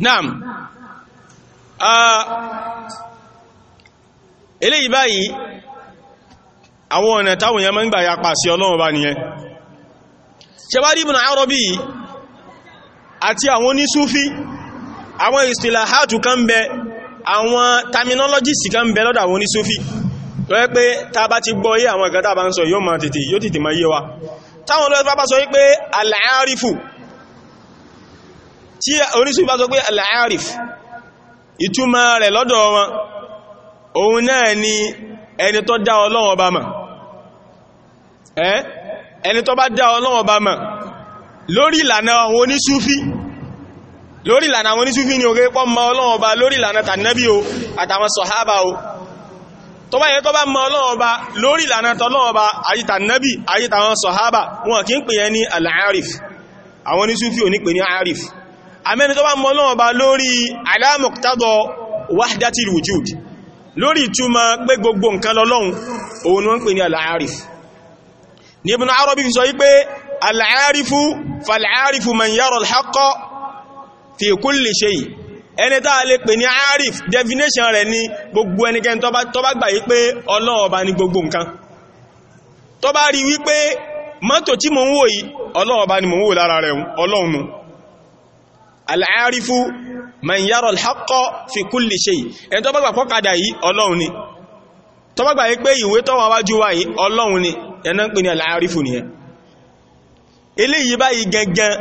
A: naam eléyìí báyìí àwọn ọ̀nà táwọn èèyàn máa ń gbà ya pàṣẹ ọlọ́run bá nìyẹn ṣẹwárí Ibn Arabi àti àwọn onísúfí àwọn istilahatu kan bẹ àwọn terminologies kan bẹ lọ́dọ̀ àwọn onísúfí tó yẹ pé ta bá ti gbọ́ yé àwọn ìgbà tá bá ń sọ yóò máa tètè yóò tètè máa yé wa táwọn olóòfà bá sọ wípé al tí orísun bá sọ pé al-arif ìtumọ̀ rẹ̀ lọ́dọ̀ wọn òun náà ni ẹni tó dá Ọlọ́run bá mọ̀ ẹni tó bá dá Ọlọ́run bá mọ̀ lórí ìlànà àwọn onísúfí lórí ìlànà àwọn onísúfí ni orí pọ́ mọ̀ Ọlọ́run bá lórí ìlànà tànábí o àtàwọn sọ̀hábà o tó bá yẹ tó bá mọ̀ Ọlọ́run bá lórí ìlànà tọ́lọ́run bá àti tànábì àti tàwọn sọ̀hábà wọn kì í pè yẹn ní al àwọn onísúfí ò ní pè ní arif àmẹ́ni tó bá mọ̀ náà bá lórí alámọ̀tádọ̀ wahdatil wujud lórí ìtumọ̀ pé gbogbo nǹkan lọ́lọ́run òun wọ́n pè ní al-arif ní Ibn Arabi fi sọ wípé al-arifu fal-arifu man yara al-haqqa fi kulli shay ẹni tá a lè pè ní arif definition rẹ̀ ni gbogbo ẹnikẹ́ni tó bá gbà yí pé Ọlọ́run ọba ni gbogbo nǹkan tó bá rí wípé mọ́tò tí mò ń wò yìí Ọlọ́run ọba ni mò ń wò lára rẹ̀ Ọlọ́run al-arifu man yara al-haqqa fi kulli shay ẹni tó bá gbà pọ́kadà yìí ọlọ́run ni tó bá gbà yí pé ìwé tó wà wájú wa yìí ọlọ́run ni ẹ̀nà ń pè ní al-arifu nìyẹn eléyìí báyìí gangan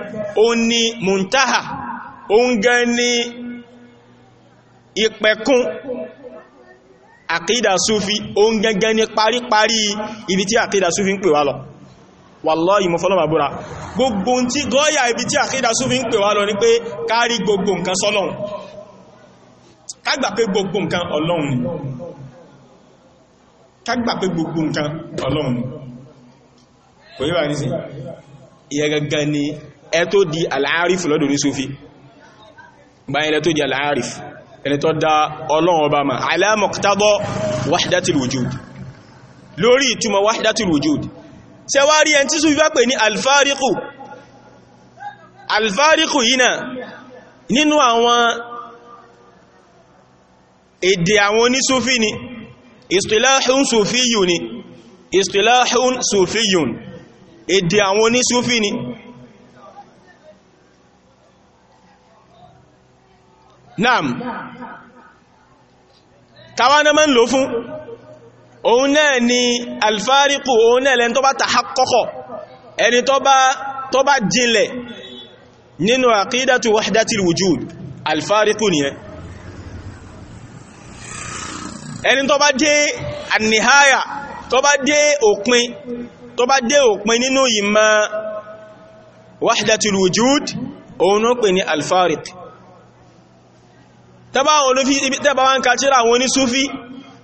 A: ó ní muntaha ó ń gan ní ìpẹ̀kún àkídà súfí ó ń gangan ní paríparí ibi tí àkídà súfí ń pè wá lọ wallahi mo fọ́lọ́mà búra gbogbo tí gọ́ọ̀yà ibi tí àkídà súnfí ń pè wá lọ ní pé kárí gbogbo nǹkan sọ́lọ́run kágbà pé gbogbo nǹkan ọlọ́run ni kágbà pé gbogbo nǹkan ọlọ́run ni kò yíwa ní sí ìyẹ gangan ni ẹ tó di aláàrífù lọ́dọ̀ ní súnfí báyìí lẹ tó di aláàrífù ẹni tó dá ọlọ́run ọba mà ala muqtada wahdatil lórí ìtumọ̀ wahdatil wujud ṣe wá rí ẹn tí sùfí bá ní alfáríkù alfáríkù yìí nínú àwọn èdè àwọn onísúfí ni istilahun sufiyun ni istilahun sufiyun èdè àwọn onísúfí ni naam tàwa náà máa lò fún òun náà ni alfáríkù òun náà lẹni tó bá tàhákọ́kọ̀ ẹni tó bá jinlẹ̀ nínú àkídàtù wahdatil wujud alfáríkù nìyẹn ẹni tó bá dé àníháyà tó bá dé òpin tó bá dé òpin nínú ìmọ̀ wahdatil wujud òun náà pè ní alfáríkù tẹ́bá wọn ló fi wọn ní súfí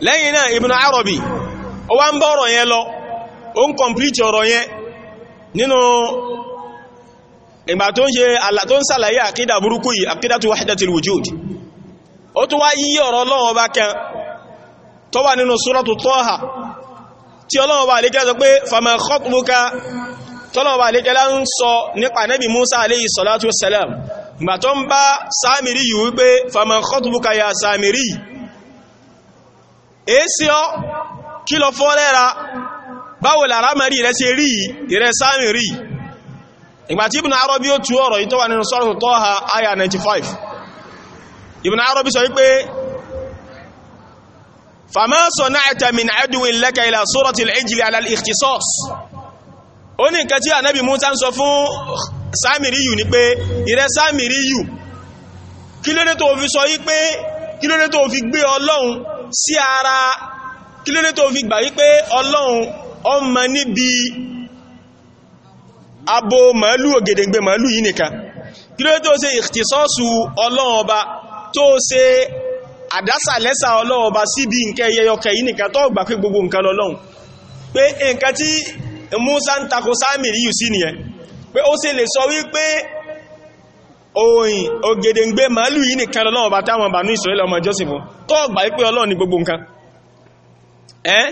A: lẹ́yìn náà Ibn Arabi O wá ń bọ́ ọ̀rọ̀ yẹn lọ ó ń complete ọ̀rọ̀ yẹn nínú ìgbà tó ń ṣe tó ń sàlàyé àkídà burúkú yìí àkídàtu wahdatil wujud ó tún wá yí ọ̀rọ̀ Ọlọ́run Ọba kan tó wà nínú suratu Taha tí Ọlọ́run Ọba àlékẹ́ sọ pé fama khatbuka tọ́lọ́wọ́ bá tó ń bá Sámìrí yìí wípé faman ya Sámìrí èsì ọ́ kí lọ fọ́ lẹ́ra báwo lára mẹ́rí rẹ̀ ṣe rí ìrẹ́ sáàmì rí ìgbàtí Ibn Arabi ó tú ọ̀rọ̀ yìí nínú Suratu Taha aya 95 Ibn Arabi sọ wípé fama sana'ta min aduwin laka ila surati al-ijli ala al-ikhtisas ó ní nǹkan tí ànábì Musa ń sọ fún sáàmìrí yù ní pé ìrẹ́ sáàmìrí yù sí ara kí ló ní tó fi gbà wípé ọlọ́run ọmọ níbi abo màálù ògèdèǹgbè màálù yìí nìkan kí ló ní tó ṣe ìtìsọ́ọ̀sù ọlọ́run ọba tó ṣe àdásàlẹ́sà ọlọ́run ọba síbi nǹkan ẹyẹyọkẹ yìí nìkan tó gbà pé gbogbo nǹkan lọ́lọ́run pé nǹkan tí Musa ń takò sáàmì yìí sí nìyẹn pé ó ṣe lè sọ wípé oyin ògèdèǹgbé màálù yìí nìkan lọ́wọ́ bá táwọn bànú Ísírẹ́lì ọmọ jọ́sìn fún tó gbà wípé Ọlọ́run ni gbogbo nǹkan ẹ́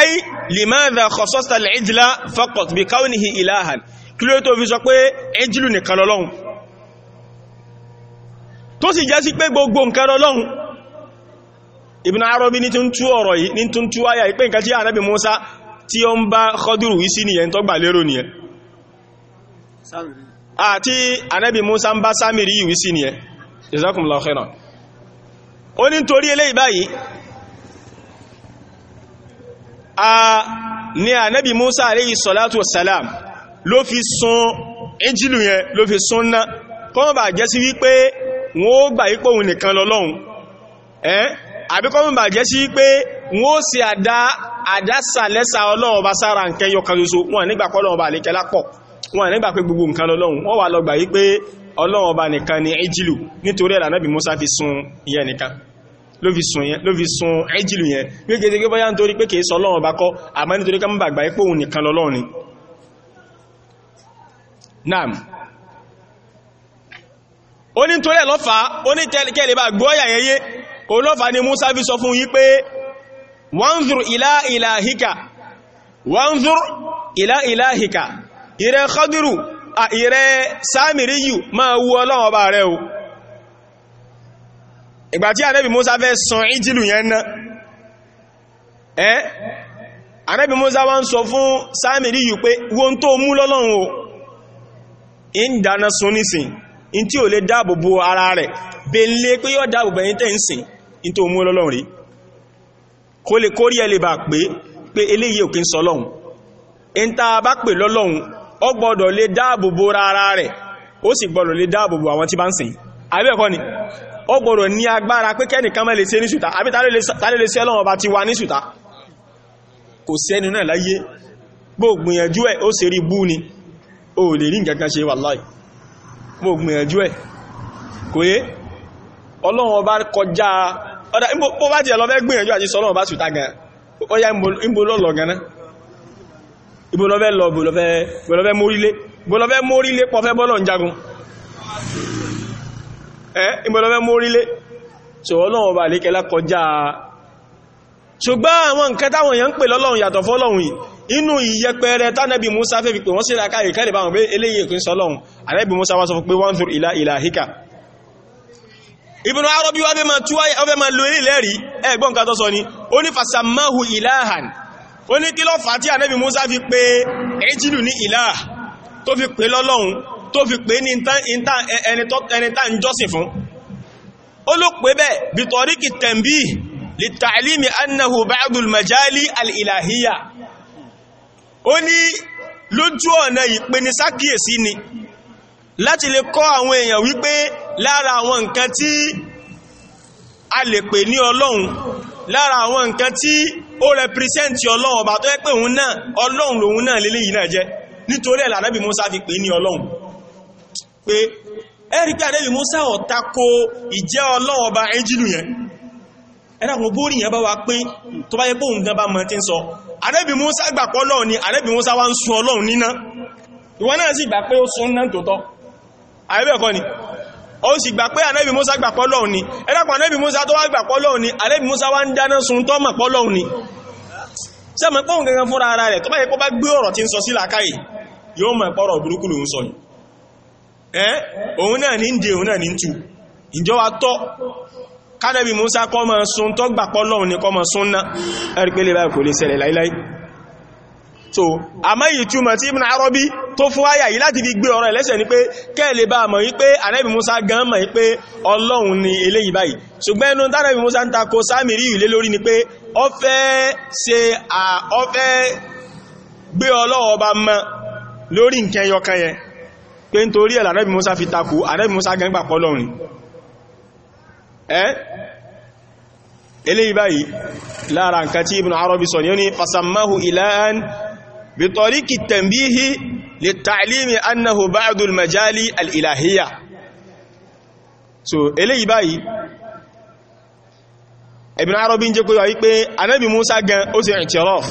A: ay limadha khassasta al-ijla faqat bi kawnihi ilahan kí ló tó fi sọ pé ijlu nìkan lọ́lọ́run tó sì jẹ́ sí pé gbogbo nǹkan lọ́lọ́run Ibn Arabi ní tún tú ọ̀rọ̀ àti ànábì Musa ń bá Sámìrì yìí wí sí ni ẹ jazakumullahu khairan ó ní torí eléyìí báyìí a ní ànábì Musa alayhi salatu salam ló fi sun injilu yẹn ló fi sun ná kọ́mọ̀ bà jẹ́ sí wípé wọ́n ó gbà yípo òun nìkan lọ́lọ́hun ẹ́ àbí kọ́mọ̀ bà jẹ́ sí wípé wọ́n ó sì àdá àdásà lẹ́sà ọlọ́ọ̀bá sára nkẹyọ wọn nígbà kọ́lọ́ọ̀bá wọn nígbà pé gbogbo nǹkan lọ́lọ́run wọ́n wà lọ́gbà yí pé ọlọ́run ọba nìkan ni ẹjìlù nítorí ẹ̀là náà bí Musa fi sun ìyẹn nìkan ló fi sun yẹn ló fi sun ẹjìlù yẹn bí ó gẹ́gẹ́ bọ́yá nítorí pé kìí sọ ọlọ́run ọba kọ́ àmọ́ nítorí ká mọ́bàgbà yí pé òun nìkan lọ́lọ́run ni naam ó ní torí ẹ̀ wanzur ila ilahika wanzur ila ilahika ìrẹ Khadiru ìrẹ Samiriyu máa wu Ọlọ́run ọba rẹ o ìgbà tí Ànábì Musa fẹ́ sọ ìjìlù yẹn ná ẹ́ Ànábì Musa wá ń sọ fún Samiriyu pé wọ́n tó mú lọ́lọ́run o ń dáná sun nísìn in tí ò lè dáàbò bo ara rẹ̀ belé pé yóò kórí ẹ pé eléyìí òkín sọ lọ́hun in bá pè lọ́lọ́hun ó gbọ́dọ̀ lè dáàbòbò ara rẹ̀ ó sì gbọ́dọ̀ lè dáàbòbò àwọn tí bá ń sìn àbí ẹ̀kọ́ ni ó gbọ́dọ̀ ní agbára pé kẹ́nìkan má lè ṣe ní ṣùtá àbí tàlẹ́ lè ọba ti wà ní ṣùtá kò sẹ́ni náà láyé gbogbo ẹ̀ ó ṣe rí bú ni ó lè rí nǹkan kan ṣe ẹ̀ kò yé ọba kọjá bá ti ẹ̀ àti sọ ọba ṣùtá gan ibo lọ fẹ́ lọ bò lọ fẹ́ mórílé bò lọ fẹ́ mórílé pọ̀ fẹ́ bọ́lọ̀ ń jagun ẹ́ ibo lọ fẹ́ mórílé ṣòwọ́ lọ́wọ́ bá lè kẹlá kọjá ṣùgbọ́n àwọn nǹkan táwọn èèyàn ń pè lọ́lọ́run yàtọ̀ fọ́lọ́run yìí inú ìyẹpẹrẹ tánẹ́bì Musa fẹ́ fi pè wọ́n sí ìlàkà ìkẹ́lẹ̀ báwọn pé eléyìí ìpín sọlọ́run àrẹ́bì Musa wá sọ fún pé wọ́n ń fi ìlà ìlà híkà Ibn Arabi wá fẹ́ máa lo ilẹ̀ rí ẹgbọ́n kan sọ ní fasamahu ilahan ó ní kí ló fà tí ànábì Musa fi pé ejìlù ní ìlà tó fi pé lọ́lọ́hun tó fi pé ní ẹni tá ń jọ́sìn fún ó ló pé bẹ́ẹ̀ bí tọ́ríkì tẹ̀m̀bí lè tààlímì annahu ba'dul majali al'ilahiyya ó ní lójú ọ̀nà ìpenisákìyèsí ni láti lè kọ́ àwọn èèyàn wípé lára àwọn nǹkan tí a lè pè ní ọlọ́run lára àwọn nǹkan tí o rẹpìrìsẹ́ntì ọlọ́run ọba tó yẹ pé òun náà ọlọ́run lòun náà lélé yìí náà Musa fi pè ní ọlọ́run pé ẹ̀rí pé Musa ọ̀ta ko ìjẹ́ ọlọ́run ọba yẹn wa pé tó bá yẹ pé gan bá mọ̀ tí ń sọ Musa gbà pé ni Musa wá ń sun ọlọ́run níná ìwọ náà sì gbà pé ó sun náà ni ó sì gbà pé ànábì Musa gbà pọ́lọ́hun ni ẹ̀dàpọ̀ ànábì Musa tó wá gbà pọ́lọ́hun ni ànábì Musa wá ń dáná sun tó mọ̀ pọ́lọ́hun ni sẹ́mọ̀ pọ́hùn gangan fúnra ara rẹ̀ tó bá yẹ kó bá gbé ọ̀rọ̀ tí ń sọ sí làkáyì yóò mọ̀ pọ́rọ̀ burúkú lòun sọ so àmọ́ ìtumọ̀ tí Ibn Arabi tó fún àyà yìí láti fi gbé ọ̀rọ̀ ẹ̀lẹ́sẹ̀ ni pé kẹ́ẹ̀lẹ́ bá mọ̀ yí pé ànábì Musa gan mọ̀ yí pé Ọlọ́run ni eléyìí báyìí ṣùgbọ́n ẹnu tánàbì Musa ń tako sámìrí ìlé lórí ni pé ó fẹ́ ṣe ó fẹ́ gbé Ọlọ́run ọba mọ́ lórí nǹkan ẹyọkan yẹn pé nítorí ẹ̀ lànàbì Musa للتعليم أنه بعض المجالي الإلهية so eléyìí báyìí Ibn Arabi ń jẹ́ kó yọ wípé anábi Musa gan ó sì i'tiraf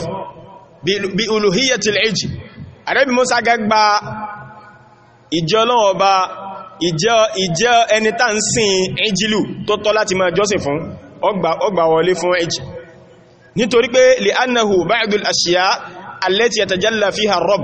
A: bí uluhiyatil ijl anábi Musa gan gba ìjẹ́ Ọlọ́hun Ọba ìjẹ́ ẹni tá ń sìn ìjìlù tó tọ́ láti máa jọ́sìn fún ọgbà wọlé fún ìjì nítorí pé li annahu ba'dul ashiya allati yatajalla fiha ar-rabb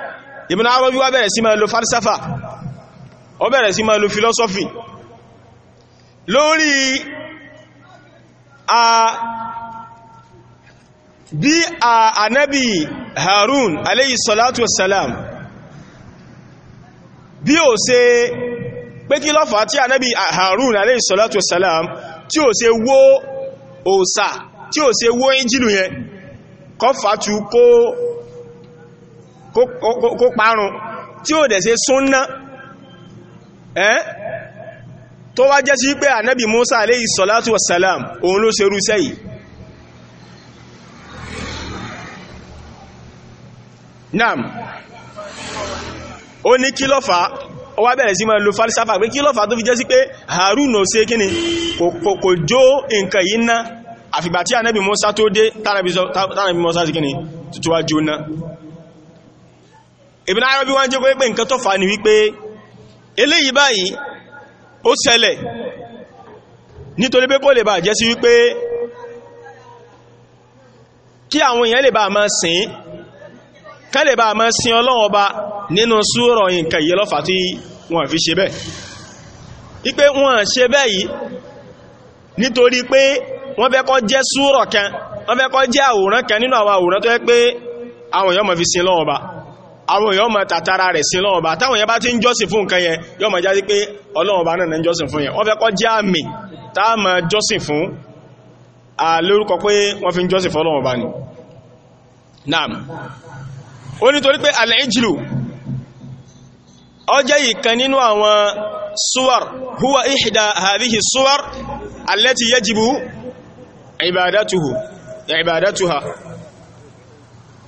A: Ibn Arabi wá bẹ̀rẹ̀ sí máa lo falsafa ó bẹ̀rẹ̀ sí máa lo philosophy lórí a bí a anabi Harun alayhi salatu wassalam bí ó ṣe pé kí ló fà tí anabi Harun alayhi salatu wassalam tí ó ṣe wó òòṣà tí ó ṣe wó injilu yẹn kọfà tú kó kó parun tí ó dẹ̀ ṣe súnná ẹ́ tó wá jẹ́ sí pé ànábì Musa aléyìí sọ́látù wasalam òun ló ṣe rúṣẹ́ yìí naam ó ní kí ló fà ó wá bẹ̀rẹ̀ sí máa lo falsafa pé kí ló fà tó fi jẹ́ sí pé Harun ò ṣe kíni kò jó nǹkan yìí ná àfìgbà tí ànábì Musa tó dé tánàbì Musa sí kíni tutuwa jóná Ibn Arabi wọ́n jẹ́ pé nǹkan tó fà ní wípé eléyìí báyìí ó ṣẹlẹ̀ nítorí pé kó lè bá jẹ́ sí wípé kí àwọn èèyàn lè bá máa sìn ká lè bá máa sìn Ọlọ́run Ọba nínú súrọ̀ nǹkan yìí lọ́fà tí wọ́n fi ṣe bẹ́ẹ̀ wípé wọ́n ṣe bẹ́ẹ̀ yìí nítorí pé wọ́n fẹ́ kó jẹ́ súrọ̀ kan wọ́n fẹ́ kó jẹ́ àwòrán kan nínú àwọn àwòrán tó yẹ pé àwọn èèyàn máa fi sìn Ọlọ́run Ọba àwọn èèyàn ma tàtàrà rẹ̀ sí lọ́wọ́ba táwọn èèyàn bá ti ń jọ́sìn fún nǹkan yẹn yóò ma jáde pé ọlọ́wọ́ba náà ń jọ́sìn fún yẹn wọ́n fẹ́ kọ́ jẹ́ àmì tá a ma jọ́sìn fún a lórúkọ pé wọ́n fi ń jọ́sìn fún ni naam ó nítorí pé al-ijlu ó jẹ́ ìkan nínú àwọn suwar huwa ihda hadhihi suwar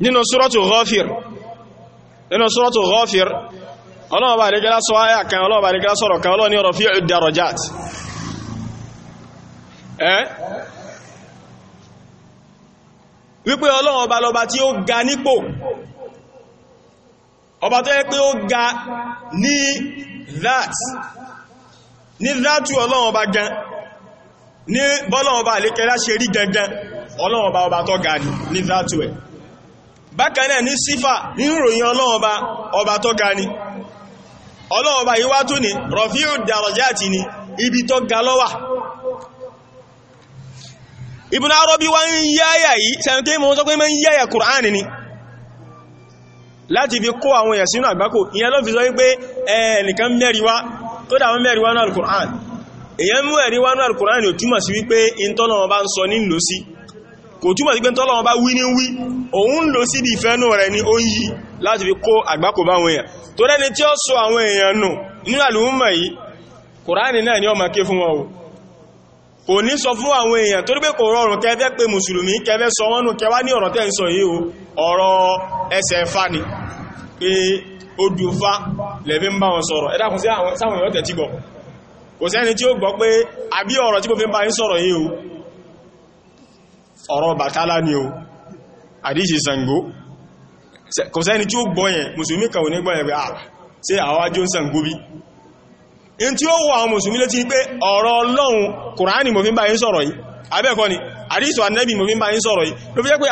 A: nínú súrọ́tù Ghafir nínú súrọ́tù Ghafir ọlọ́wọ́ bá rígá sọ ayà kan ọlọ́wọ́ bá rígá sọ̀rọ̀ kan ọlọ́wọ́ ni rafi'u darajat ẹ́ wípé ọlọ́wọ́ bá lọba tí ó ga nípò ọba tó yẹ pé ó ga ní that ní that ọlọ́wọ́ bá gan ní bọ́lọ́wọ́ àlékẹ́lá ṣe rí gangan ọlọ́wọ́ ọba tó ga ní that way bákan náà ní sífà nínú ìròyìn ọlọ́run ọba ọba tó ga ni ọlọ́run ọba yìí wá tún ní rọ̀fíù dàrọ̀jáàtì ni ibi tó ga lọ́wà Ibn Arabi wá ń yáyà yìí sẹ́yìnkí mọ́ sọ pé ń yáyà Kùránì ni láti fi kó àwọn èèyàn sínú àgbákò ìyẹn ló fi sọ wípé ẹnìkan mẹ́riwá tó náà Kùránì èèyàn mú náà Kùránì ò túmọ̀ sí wípé ọba ń sọ kò túmọ̀ sí pé tọ́lọ́wọ́ bá wí ní wí òun lò sí ibi ìfẹ́nú rẹ̀ ni ó ń yí láti fi kó àgbákò bá àwọn èèyàn tó rẹ́ni tí ó sọ àwọn èèyàn nù nínú àlùmọ̀ yìí kòránì náà ni ó máa ké fún wọn o kò ní sọ fún àwọn èèyàn torí pé kò rọrùn kẹfẹ́ pé mùsùlùmí kẹfẹ́ sọ wọ́n nù kẹwàá ní ọ̀rọ̀ tẹ́ sọ yìí o ọ̀rọ̀ ẹsẹ̀ fa ni pé odù lẹ́bí ń bá wọn sọ̀rọ̀ ẹ dákun sí àwọn èèyàn tẹ̀ tí gbọ́ kò sẹ́ni tí ó gbọ́ pé àbí ọ̀rọ̀ tí mo fi ń bá yín sọ̀rọ̀ yìí o ọ̀rọ̀ bàkálá ni o àdíṣì Ṣàngó kò sẹ́ni tí ó gbọ́yẹn mùsùlùmí ka ò ní gbọ́yẹn pé à sí àwájú ń Ṣàngó bí in tí ó wọ àwọn mùsùlùmí létí pé ọ̀rọ̀ Ọlọ́run Kùránì mo fi bá yín sọ̀rọ̀ yìí abẹ́ẹ̀kọ́ ni àdíṣù sọ̀rọ̀ yìí ló fi jẹ́ pé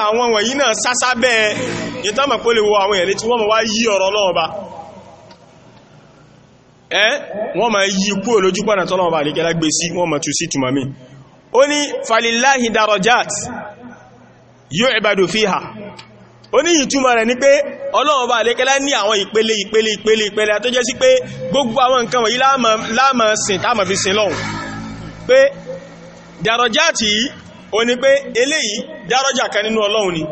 A: àwọn ó ní falillahi darajat yu'badu fiha ó ní ìtumọ̀ rẹ̀ ní pé Ọlọ́run bá lékẹ́lá ní àwọn ìpele ìpele ìpele ìpele tó jẹ́ sí pé gbogbo àwọn nǹkan wọ̀nyí láàmà sìn táàmà fi sìn lọ́hun pé darajati yìí ó ní pé eléyìí daraja kan nínú Ọlọ́run ni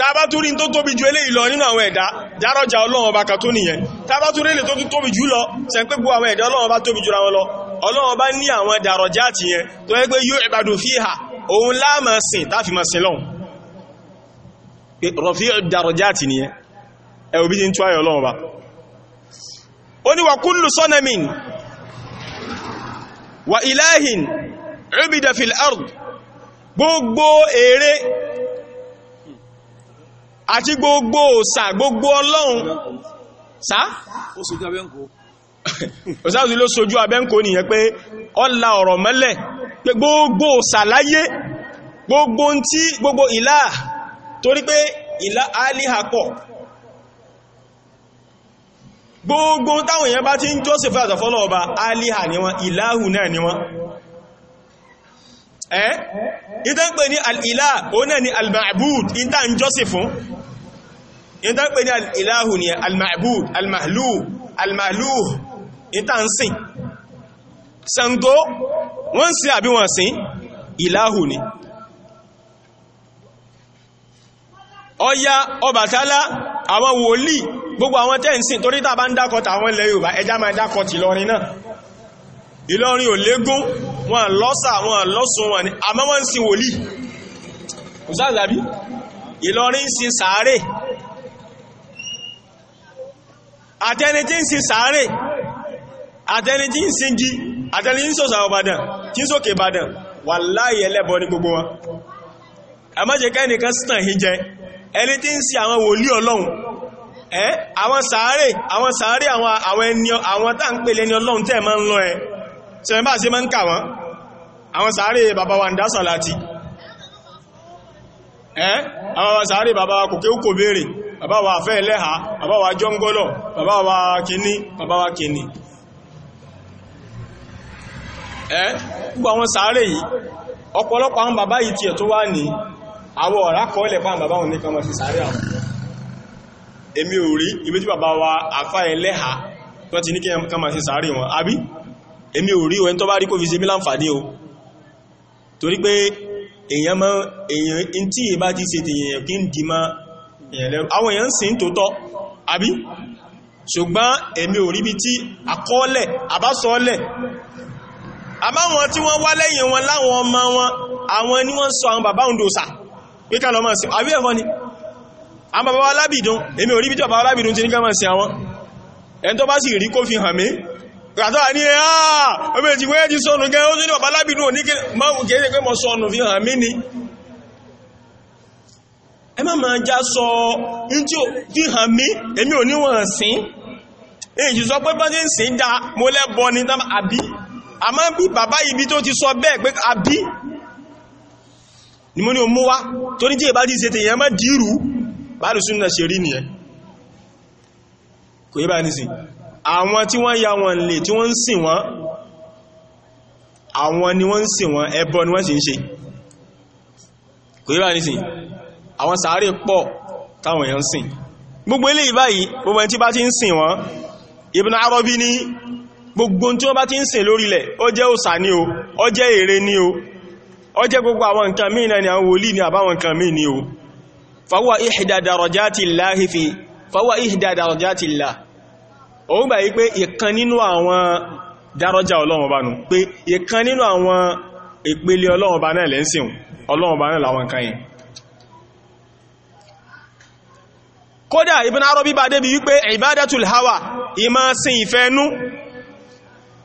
A: tàbátúrí tó tóbi ju eléyìí lọ nínú àwọn ẹ̀dá daraja Ọlọ́run ọba kan tó nìyẹn tàbátúrí lè tó tóbi jù lọ sẹ́ńpẹ́gbọ́ àwọn ẹ̀dá Ọlọ́run ọba tóbi jù ra wọn lọ ọlọ́run bá ní àwọn dàrọ̀jáàtì yẹn tó yẹ pé yóò ìbàdù fíhà òun láàmà sìn táfi ma sin lọ́hun rọ̀fí dàrọ̀jáàtì ni ẹ òbí ti ń tíwáyọ̀ ọlọ́run bá ó ní wà kúlù sọ́nàmìn wà ìláhìn ìbìdà fìlárd gbogbo ère àti gbogbo òsà gbogbo ọlọ́run sáà ó sì jábẹ́ ń kó òsáàzù ló sojú abẹ́ǹkò nìyẹn pé ọlá ọ̀rọ̀ mẹ́lẹ̀ pé gbogbo sàláyé gbogbo ń tí gbogbo ìlà torí pé ìlà alíhà pọ̀ gbogbo táwọn èèyàn bá ti ń jọ́sìn àtọ̀fọ́lọ́ ọba alíhà ni wọ́n ìlàhù náà ni wọ́n ẹ́ ìtàn pè ní alìlà òun náà ni al-ma'bud ìtà ń fún ìtàn pè ní alìlàhù ni al-ma'bud al-mahlu al-mahlu ìtànsìn Ṣàngó wọ́n sí àbí wọ́n sí ìláhù ni Ọya Ọbàtálá àwọn wòlíì gbogbo àwọn tẹ́ǹsìn torí tàà bá ń dákọta àwọn ilẹ̀ Yorùbá ẹjá máa dákọtì lọrin náà Ìlọrin ò légún wọn lọ́sà wọn lọ́sùn wọn ni àmọ́ wọ́n ń sin wòlíì ìsáàzàbí Ìlọrin ń sin sàárè àtẹni tí ń sin sàárè àtẹni tí ń singi àtẹni tí ń sọ̀sà ọbàdàn tí ń sókè ìbàdàn wà láàyè ẹlẹ́bọ ní gbogbo wa ẹ má jẹ́ kẹ́nìkan sítàn yìí jẹ ẹni tí ń sin àwọn wòlíì ọlọ́run ẹ́ àwọn sàárè àwọn sàárè àwọn ẹni àwọn tá ń pèlè ní ọlọ́run tẹ́ máa ń lọ ẹ sẹ́yìn bá ṣe máa ń kà wọ́n àwọn sàárè bàbá wa ń dá sàláàtì ẹ́ àwọn sàárè bàbá wa kò kéwú kò béèrè bàbá wa àfẹ́ ẹlẹ́hàá bàbá wa jọ́ngọ́lọ̀ bàbá wa kìíní bàbá wa kìíní ẹ́ gbogbo àwọn sàárè yìí ọ̀pọ̀lọpọ̀ àwọn bàbá yìí tiẹ̀ tó wà ní àwọn ọ̀rá kọ́ọ̀lẹ̀ pa bàbá wọn ní kan mọ̀ sí sàárè àwọn èmi ò rí ibi tí bàbá wa àfá ẹlẹ́ha tó ti ní kí ẹmọ́ kama sí sàárè wọn àbí èmi ò rí ohun tó bá rí kó fi ṣe mí láǹfààní o torí pé èèyàn mọ́ èèyàn tí è bá ti ṣe tèèyàn kí ń di mọ́ èèyàn lẹ́rù àwọn èèyàn sì ń tòótọ́ àbí ṣùgbọ́n èmi ò rí bí tí àkọọ́lẹ̀ àbásọ́ọ́lẹ̀ àbáwọn tí wọ́n wá lẹ́yìn wọn láwọn ọmọ wọn àwọn ni wọ́n sọ àwọn bàbá òǹdòsà pé ká lọ máa sìn àbí ẹ̀fọ́ ni àwọn bàbá alábìdún èmi ò rí bí bàbá alábìdún ti ní ká máa àwọn ẹni tó bá sì rí kó fi hàn mí ràtọ́ ní àà ọmọ èjì wẹ́ẹ́ ti sọnù gẹ́ ó ní bàbá alábìdún òní kéèkéé pé mo sọnù fi hàn mí ni ẹ má máa já sọ tí ó fi hàn mí èmi ò níwọ̀n sìn àmọ́ bí bàbá ibi tó ti sọ bẹ́ẹ̀ pé àbí ni mo ní o mú wá tó ní tí ìbá ti ṣe tè mọ́ dìírù báàrù súnà ṣe rí nìyẹn kò yẹ bá ní àwọn tí wọ́n ya wọn lè tí wọ́n ń sìn wọ́n àwọn ni wọ́n ń sìn wọ́n ẹbọ ni wọ́n sì ń ṣe kò yẹ bá ní àwọn sàárè pọ̀ táwọn èèyàn sìn gbogbo eléyìí báyìí gbogbo ẹni tí bá ti ń sìn wọ́n Ibn Arabi ni gbogbo tí wọ́n bá ti ń sìn lórílẹ̀ ó jẹ́ òsà ní o ó jẹ́ ère ní o ó jẹ́ gbogbo àwọn nǹkan míì náà ni àwọn wòlíì ni àbáwọn nǹkan míì ní o fawwa ihda darajatillahi fi fawwa ihda darajatillah òun gbà yí pé ìkan nínú àwọn dárọjá ọlọ́run ọba nù pé ìkan nínú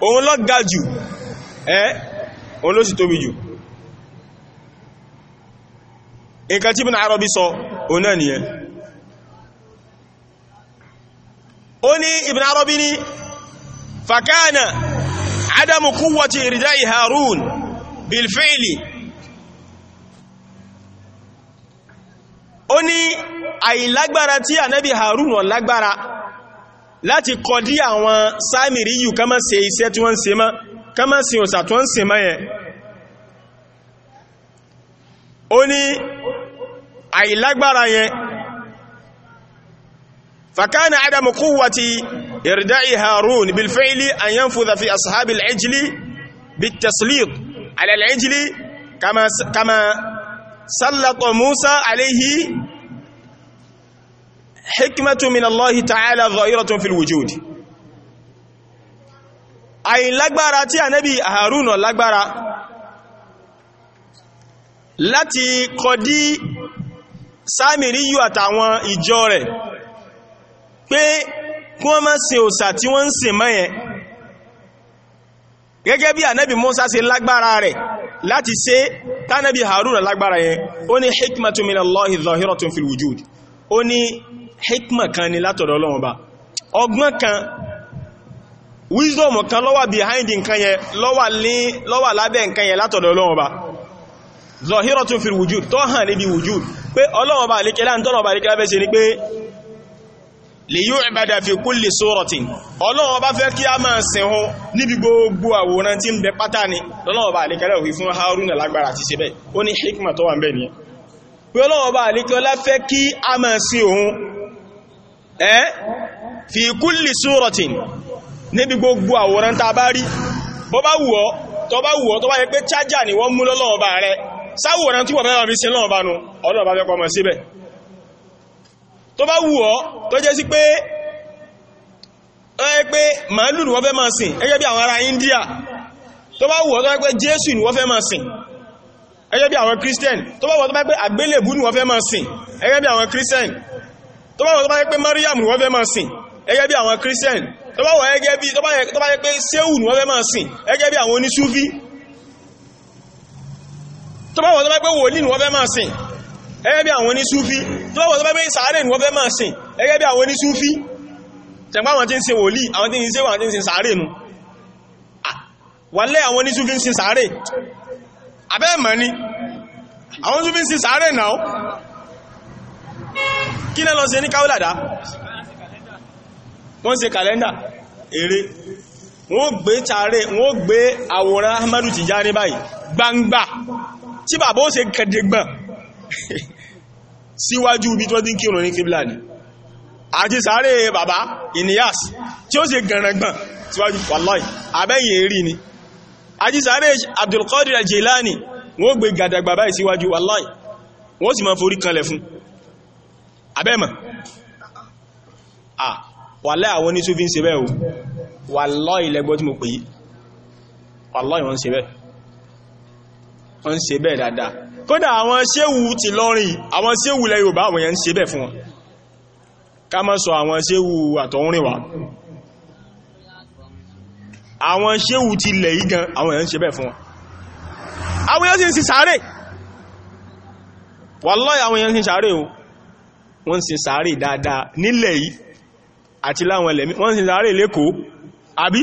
A: òun lọ ga jù ẹ́ òun ló sì tóbi jù nǹkan tí Ibn Arabi sọ òun náà nìyẹn ó ní Ibn Arabi ní fakana adamu quwwati irja'i Harun bilfili ó ní àìlágbára tí ànábì Harun wọ̀n lágbára láti kọ dí àwọn sáàmìrí yìí ká má ṣe iṣẹ́ tí wọ́n ṣe mọ́ ká má sin òsà tí wọ́n ṣe mọ́ yẹn ó ní àìlágbára yẹn فكان عدم قوة إرداء هارون بالفعل أن ينفذ في أصحاب العجل بالتسليط على العجل كما كما سلط موسى عليه hikmatu min Allahi ta'ala zahiratun fil wujud àìlágbára tí ànábì Harun lágbára láti kọdí Sámìríyù àtàwọn ìjọ rẹ̀ pé kí wọ́n máa sin òsà tí wọ́n ń sìn mọ́ yẹn gẹ́gẹ́ bí ànábì Musa ṣe lágbára rẹ̀ láti ṣe tánàbí Harun lágbára yẹn ó hikmatu min Allahi zahiratun fil wujud ó hikma kan ni látọ̀dọ̀ Ọlọ́run Ọba ọgbọ́n kan wisdom kan ló behind nǹkan yẹn ló wà ní lábẹ́ nǹkan látọ̀dọ̀ Ọlọ́run Ọba zahiratun fil wujud tó hàn níbi wujud pé Ọlọ́run ń Ọba gbogbo àwòrán tí ń bẹ pátá ni Ọlọ́run Ọba òfin fún Haruna lágbára àti ṣe bẹ́ẹ̀ ó ní hikma tó wà ń ẹ́ eh? fi kulli súratin níbi gbogbo àwòrán ta bá rí bó bá wù ọ́ tó bá wù ọ́ tó bá yẹ pé chájà ni wọ́n mú lọ́lọ́wọ́ bá rẹ sáwòrán tí wọ́n fẹ́ràn fi sí lọ́wọ́ bá nu ọlọ́wọ́ bá fẹ́ kọmọ síbẹ̀ tó bá wù ọ́ tó jẹ́ sí pé ó yẹ pé màálù ni wọ́n fẹ́ tó bá wọ́n tó bá yẹ pé Mariam ni wọ́n fẹ́ máa sìn ẹgẹ́ bí àwọn Christian tó bá wọ́n ẹgẹ́ bí tó bá yẹ pé Sehu ni wọ́n fẹ́ máa sìn ẹgẹ́ bí àwọn oníṣúfí tó bá wọ́n tó bá yẹ pé wòlíì ni wọ́n fẹ́ máa sìn ẹgẹ́ bí àwọn oníṣúfí tó bá wọ́n tó bá yẹ pé sàárè ni wọ́n fẹ́ máa sìn ẹgẹ́ bí àwọn oníṣúfí tẹ̀gbọ́n àwọn tí ń sin wòlíì àwọn tí ń sin àwọn tí ń sin sàárè nu wàlẹ́ àwọn oníṣúfí ń sin sàárè abẹ́ẹ̀mọ́ ni àwọn oníṣúfí ń sin sàárè náà kí náà lọ ṣe ní káúlàdá wọ́n ṣe kàlẹ́ndà eré wọ́n gbé tààrẹ wọ́n gbé àwòrán Ahmadu Tijani báyìí gbangba tí bàbá ó ṣe kẹ̀dẹ̀gbọ̀n síwájú ibi tó dín kírun ní kíblà ni àti sáré bàbá Inyas tí ó ṣe gẹ̀rẹ̀gbọ̀n síwájú wàláì abẹ́yìn èrí ni àti sáré Abdulkadir Jilani wọ́n gbé gàdàgbà báyìí síwájú wàláì wọ́n sì máa forí kanlẹ̀ fún abẹ́mọ̀ ah wàlẹ́ àwọn ní súfí ń ṣe bẹ́ẹ̀ o wàlọ́ ilẹ̀gbọ́ tí mo pè yí wàlọ́ ìwọ̀n ṣe bẹ́ẹ̀ wọ́n ṣe bẹ́ẹ̀ dáadáa kódà àwọn ṣéwù ti lọ́rin àwọn ṣéwù lẹ Yorùbá àwọn yẹn ń ṣe bẹ́ẹ̀ fún wọn ká má sọ àwọn ṣéwù àtọ̀húnrìnwá àwọn ṣéwù ti lẹ̀ yí gan àwọn yẹn ń ṣe fún wọn àwọn yẹn sì ń ṣe sáré wàlọ́ àwọn yẹn ń sáré o wọ́n sin sàárè dáadáa nílẹ̀ yìí àti láwọn ẹlẹ̀mí wọ́n sin sàárè lẹ́kọ̀ọ́ àbí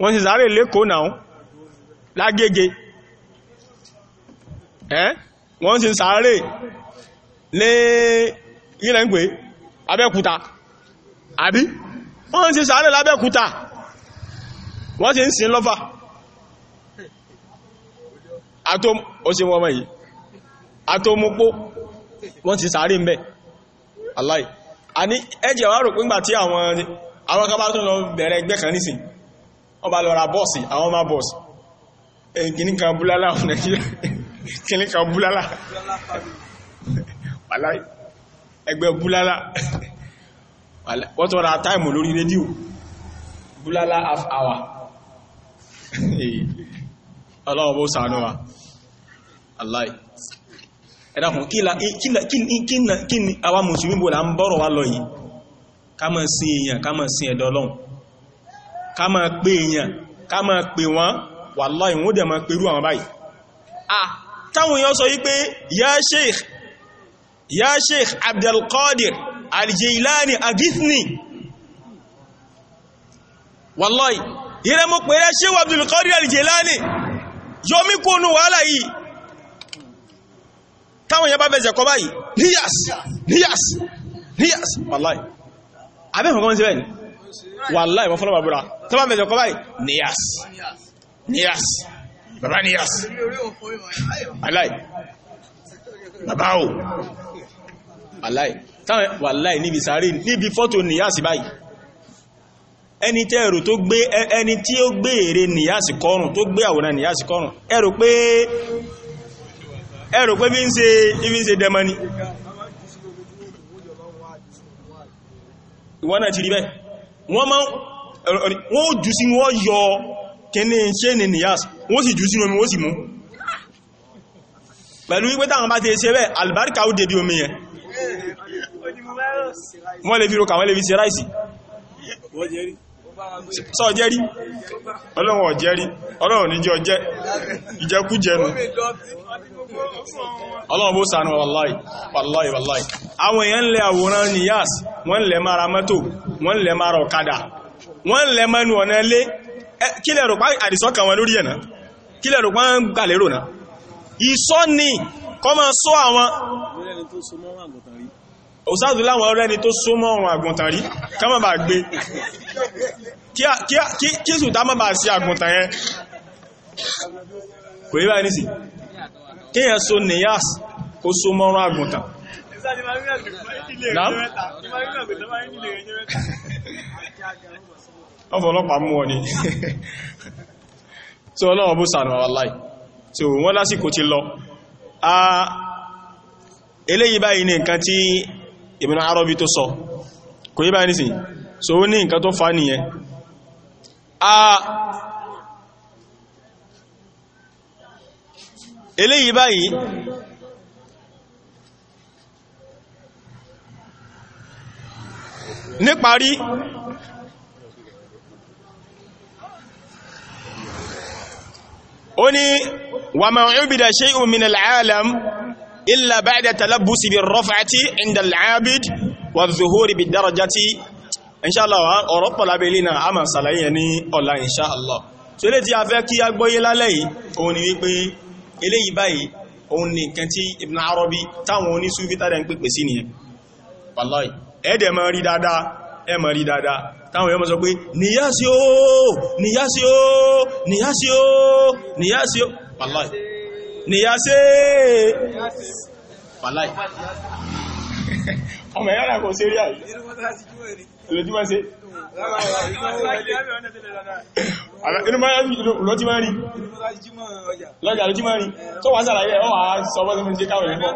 A: wọ́n sin sàárè lẹ́kọ̀ọ́ náà lágége ẹ́ wọ́n sin sàárè lé ilẹ̀ ń pè abẹ́kúta àbí wọ́n sin sàárè lábẹ́kúta wọ́n sin sin lọ́fà àtó òsìnwọ́mọ̀ yìí àtó mú pó wọ́n sin sàárè ń aláì a ní ẹjẹ̀ wá rò pínpà tí àwọn àwọn kan bá tún lọ bẹ̀rẹ̀ ẹgbẹ́ kan nísìn wọ́n bá lọ ra bọ́ọ̀sì àwọn ọmọ bọ́ọ̀sì kìní kan búlálà ọ̀hún nàìjíríà kìní kan búlálà ẹgbẹ́ búlálà wọ́n táìmù lórí rédíò búlálà half hour ọlọ́wọ́ bó sànú wa aláì ẹ̀dàkùn kí ni àwa mùsùlùmí bò là ń bọ́rọ̀ wá lọ yìí ká máa sin èèyàn ká máa sin ẹ̀dọ̀ ọlọ́run ká máa pè èèyàn ká máa pè wọ́n wallahi wọ́n dẹ̀ máa pèrú àwọn báyìí ah táwọn èèyàn sọ yí pé ya sheikh ya sheikh abdulkadir aljailani agithni wallahi yẹ́rẹ́ kónú wàhálà yìí táwọn yẹn bá bẹ̀ẹ̀ jẹ̀kọ́ báyìí níyàs níyàs níyàs wàláì abẹ́fẹ̀ kọ́mọ́ sí bẹ́ẹ̀ ni wàláì wọ́n fọ́lọ́bà búra tó bá bẹ̀ẹ̀ jẹ̀kọ́ báyìí níyàs níyàs bàbá níyàs aláì bàbá o aláì táwọn wàláì níbi sàárè níbi fọ́tò níyàs báyìí ẹni tí ẹrù tó gbé ẹni tí ó gbé ère níyàs kọrùn tó gbé àwòrán níyàs kọrùn ẹrù pé ẹ̀rọ pé bí ń ṣe ibi ń ṣe dẹmọ ni ìwọ́n náà ti rí bẹ́ wọ́n máa wọ́n ó jù sí wọ́n yọ kíní ṣe ní nìyàs wọ́n sì jù sí omi wọ́n sì mú pẹ̀lú wípé táwọn bá ti ṣe bẹ́ albarka ó débi omi yẹn wọ́n lè fi roka wọ́n lè fi ṣe ráìsì sọ jẹ́rí ọlọ́run ọ̀jẹ́rí ọlọ́run níjọ jẹ́ ìjẹkújẹnu ọlọ́run bó sànú wàláì wàláì wàláì àwọn èèyàn lẹ àwòrán yas wọ́n lẹ mara mọ́tò wọ́n lẹ mara ọ̀kadà wọ́n lẹ mẹ́nu ọ̀nà ilé kí wọn lórí ẹ̀nà kí náà ìsọ́ ni òsáàdù láwọn ọ̀rẹ́ ni tó súnmọ́ ohun àgùntàn rí kán má bàá gbé kí sùtá má bàá sí àgùntàn yẹn kò yíba ní sí kíyàn so nìyàs kó súnmọ́ ohun àgùntàn ọ̀fọ̀lọ́pàá mú ọ ni tí ọlọ́wọ́ bó sànà aláì tí ò wọ́n lásìkò ti lọ eléyìí báyìí ní nǹkan tí Ibn Arabi tó sọ kò yí bá ní sí so ó ní nǹkan tó fa nìyẹn a eléyìí báyìí níparí ó ní wa man ubida shay'un min al إلا بعد تلبس بالرفعة عند العابد والظهور بالدرجة إن شاء الله أوروبا لابلينا أما سلايني أولا إن شاء الله sole tí a fẹ́ kí agboye lálẹ́ yìí òun ni wípé eléyìí báyìí òun ni nǹkan tí Ibn Arabi táwọn onísúfí tàdà ń pèpè sí nìyẹn wàláì ẹ̀ẹ́dẹ̀ mọ́ rí dáadáa ẹ mọ̀ rí dáadáa táwọn èèyàn mọ̀ sọ pé níyá sí ó níyá sí ó níyá sí ó níyá sí Niyase, ṣe fàláì ọmọ ẹ̀yọ́ náà kò ṣe rí àyí lójúmọ́ ṣe inú máa rí lójúmọ́ rí lọ́jà lójúmọ́ rí tó wà sàlàyé ọ wà sọ bọ́ sọmọ́ ṣe káwọn ẹ̀kọ́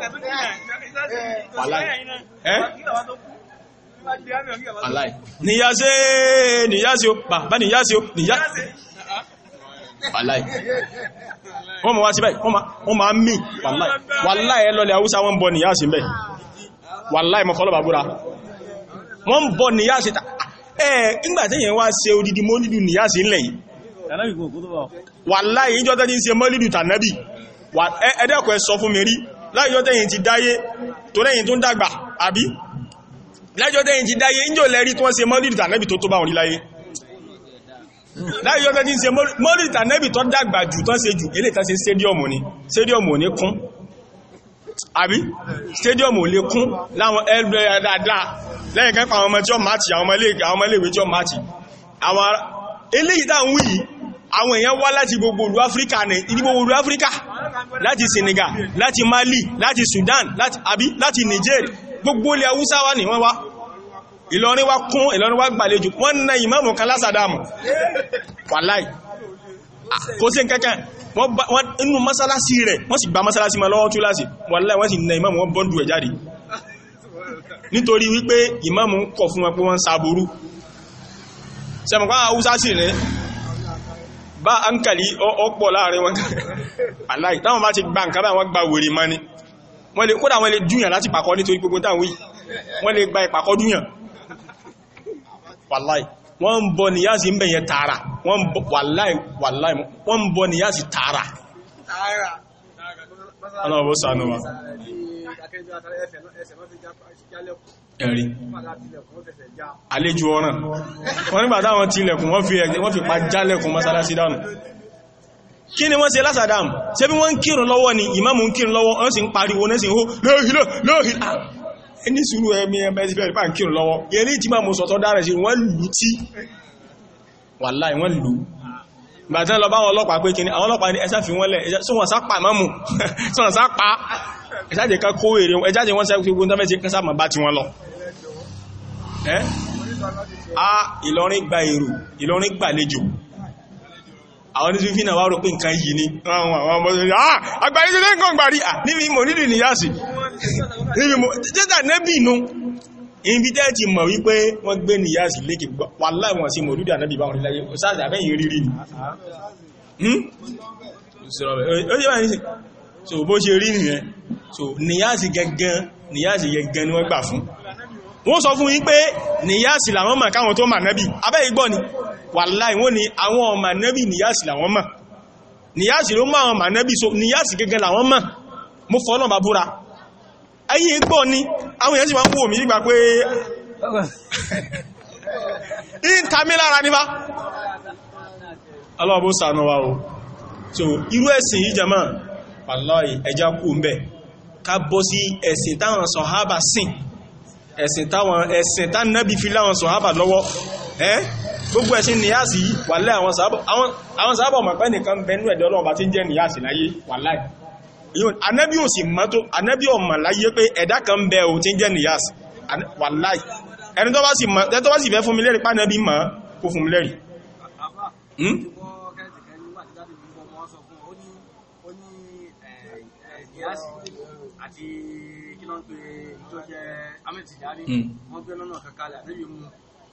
A: fàláì nìyá ṣe nìyá ó bá nìyá ó nìyá wàláì wọ́n mọ̀ wá síbẹ̀ wọ́n máa mí wàláì wàláì ẹlọ́lẹ̀ àwúsá wọ́n bọ̀ níyà sí mẹ́ wàláì mọ́ fọ́lọ́bà búra wọ́n ń bọ̀ níyà sí ẹ̀ ńgbàtí yẹn wá ṣe odidi mọ́lídù níyà sí ńlẹ̀ yìí wàláì ìjọ tẹ́ni ṣe mọ́lídù tànábì ẹ̀ẹ́dẹ́kọ̀ ẹ sọ fún mi rí láìjọ́ tẹ́yìn ti dáyé tó lẹ́yìn tó ń dàgbà àbí láìjọ́ tẹ́yìn ti dáyé láyé ọmọ tí ń ṣe mọ́lì ìtànẹ́bì tó dàgbà jù tán ṣe jù eléyìí tán ṣe stadiumu ni stadiumu ní kún àbí stadiumu lè kún láwọn ẹgbẹ́ dáadáa lẹ́yìn kẹ́kọ̀ọ́ àwọn ọmọ tí ó máàtì àwọn ọmọ iléèwé tí ó máàtì àwọn eléyìí tá ń wí yìí àwọn èèyàn wá láti gbogbo olú áfríkà ní gbogbo olú áfríkà láti Senegal láti Mali láti Sudan láti àbí láti Niger gbogbo ilẹ̀ Haúsá wá ní wọ́n wá ìlọrin wá kún ìlọrin wá gbàlejò wọ́n na ìmáàmù kan lásàdámù wàláì ah, kò sí kankan wọ́n inú mọ́sálásí rẹ̀ wọ́n sì gba mọ́sálásí ma lọ́wọ́ túláàsì wàláì wọ́n sì na ìmáàmù wọ́n bọ́ndù ẹ̀ jáde nítorí wípé ìmáàmù ń kọ̀ fún wọn pé wọ́n ń saburú sẹ́mọ̀kọ́ haúsá sì rẹ̀ bá áńkàlì ọ̀pọ̀ láàrin wọn aláì táwọn bá ti gba nǹkan báwọn gba wèrè mọ́ ni wọ́n lè kódà wọ́n lè dúyàn láti pàkọ́ nítorí gbogbo táwọn yìí wọ́n lè gba ìpàkọ́ dúyàn wàláì wọ́n ń bọ níyàsí ń bẹ̀yẹ tààrà wọ́n ń bọ wàláì wàláì wọ́n ń bọ níyàsí tààrà aláwọ̀ sànú wa ẹ̀rí àlejò ọ̀ràn wọ́n nígbà táwọn tilẹ̀kùn wọ́n fi pa jálẹ̀kùn mọ́sálásí dánù kí ni wọ́n ṣe lásàdám ṣe bí wọ́n ń kírun lọ́wọ́ ni ìmáàmù ń kírun lọ́wọ́ wọ́n sì ń pariwo náà sì ń hó lóòhìlò lóòhìlò ẹni sùúrù ẹmí ẹmẹ́sí fẹ́rẹ̀ pà ń kírùn lọ́wọ́ yẹrí tí máa mú sọ̀tọ́ dára sí wọ́n lù tí wàláì wọ́n lù ìgbàtán lọ báwọn ọlọ́pàá pé kí ni àwọn ọlọ́pàá ní ẹsá fi wọ́n lẹ̀ sọ́wọ́n sápà mọ́mù sọ́wọ́n sápà ẹjáde ká kó èrè ẹjáde wọ́n sẹ́kú a Ìlọrin gba èrò Ìlọrin àwọn oníṣúfí náà wá rò pé nǹkan yìí ni àwọn ọmọ ìrìn àà agbárí sí lẹ́gbọ̀n gbàrí ah, níbi mò nílì ní yáàsì níbi mò jẹ́ta nẹ́bì inú ibi tẹ́ ti mọ̀ wípé wọ́n gbé ní yáàsì lékè wà láìwọ̀n sí mò lúdà nẹ́bì báwọn ìlàyé sáàsì àfẹ́yìn rírí ni hmm? so bó ṣe rí nìyẹn so níyàsì gẹ́gẹ́ níyàsì gẹ́gẹ́ ni wọ́n gbà fún sọ fún yín pé níyàsì làwọn mọ̀ káwọn tó mà nẹ́bì abẹ́ ìgbọ́ ni wàláì wọ́n ni àwọn ọmọ nẹ́bì níyàsì làwọn mọ̀ níyàsì ló mọ́ àwọn ọmọ nẹ́bì so níyàsì gẹ́gẹ́ làwọn mọ̀ mú fọ́nà bá búra ẹ̀yìn gbọ́ ni àwọn èèyàn sì máa ń wò mí nígbà pé ìntàmílára o so ẹ̀sìn táwọn ẹ̀sìn táwọn fi láwọn sọ̀hábà lọ́wọ́ ẹ́ gbogbo ẹ̀sìn níyàsí wàláì àwọn sábà ọmọ pẹ́ nìkan bẹnú ẹ̀dọ́ ọlọ́run bá ti ń jẹ́ níyàsí láyé wàláì anábí ò sì mọ́tò anábí ọmọ láyé pé ẹ̀dá kan bẹ ò ti ń jẹ́ níyàsí wàláì ẹni tó bá sì fẹ́ fún mi lẹ́rìí pánábí mọ́ kó fún mi lẹ́rìí wọ́n gbé lọ́nà kankan lẹ́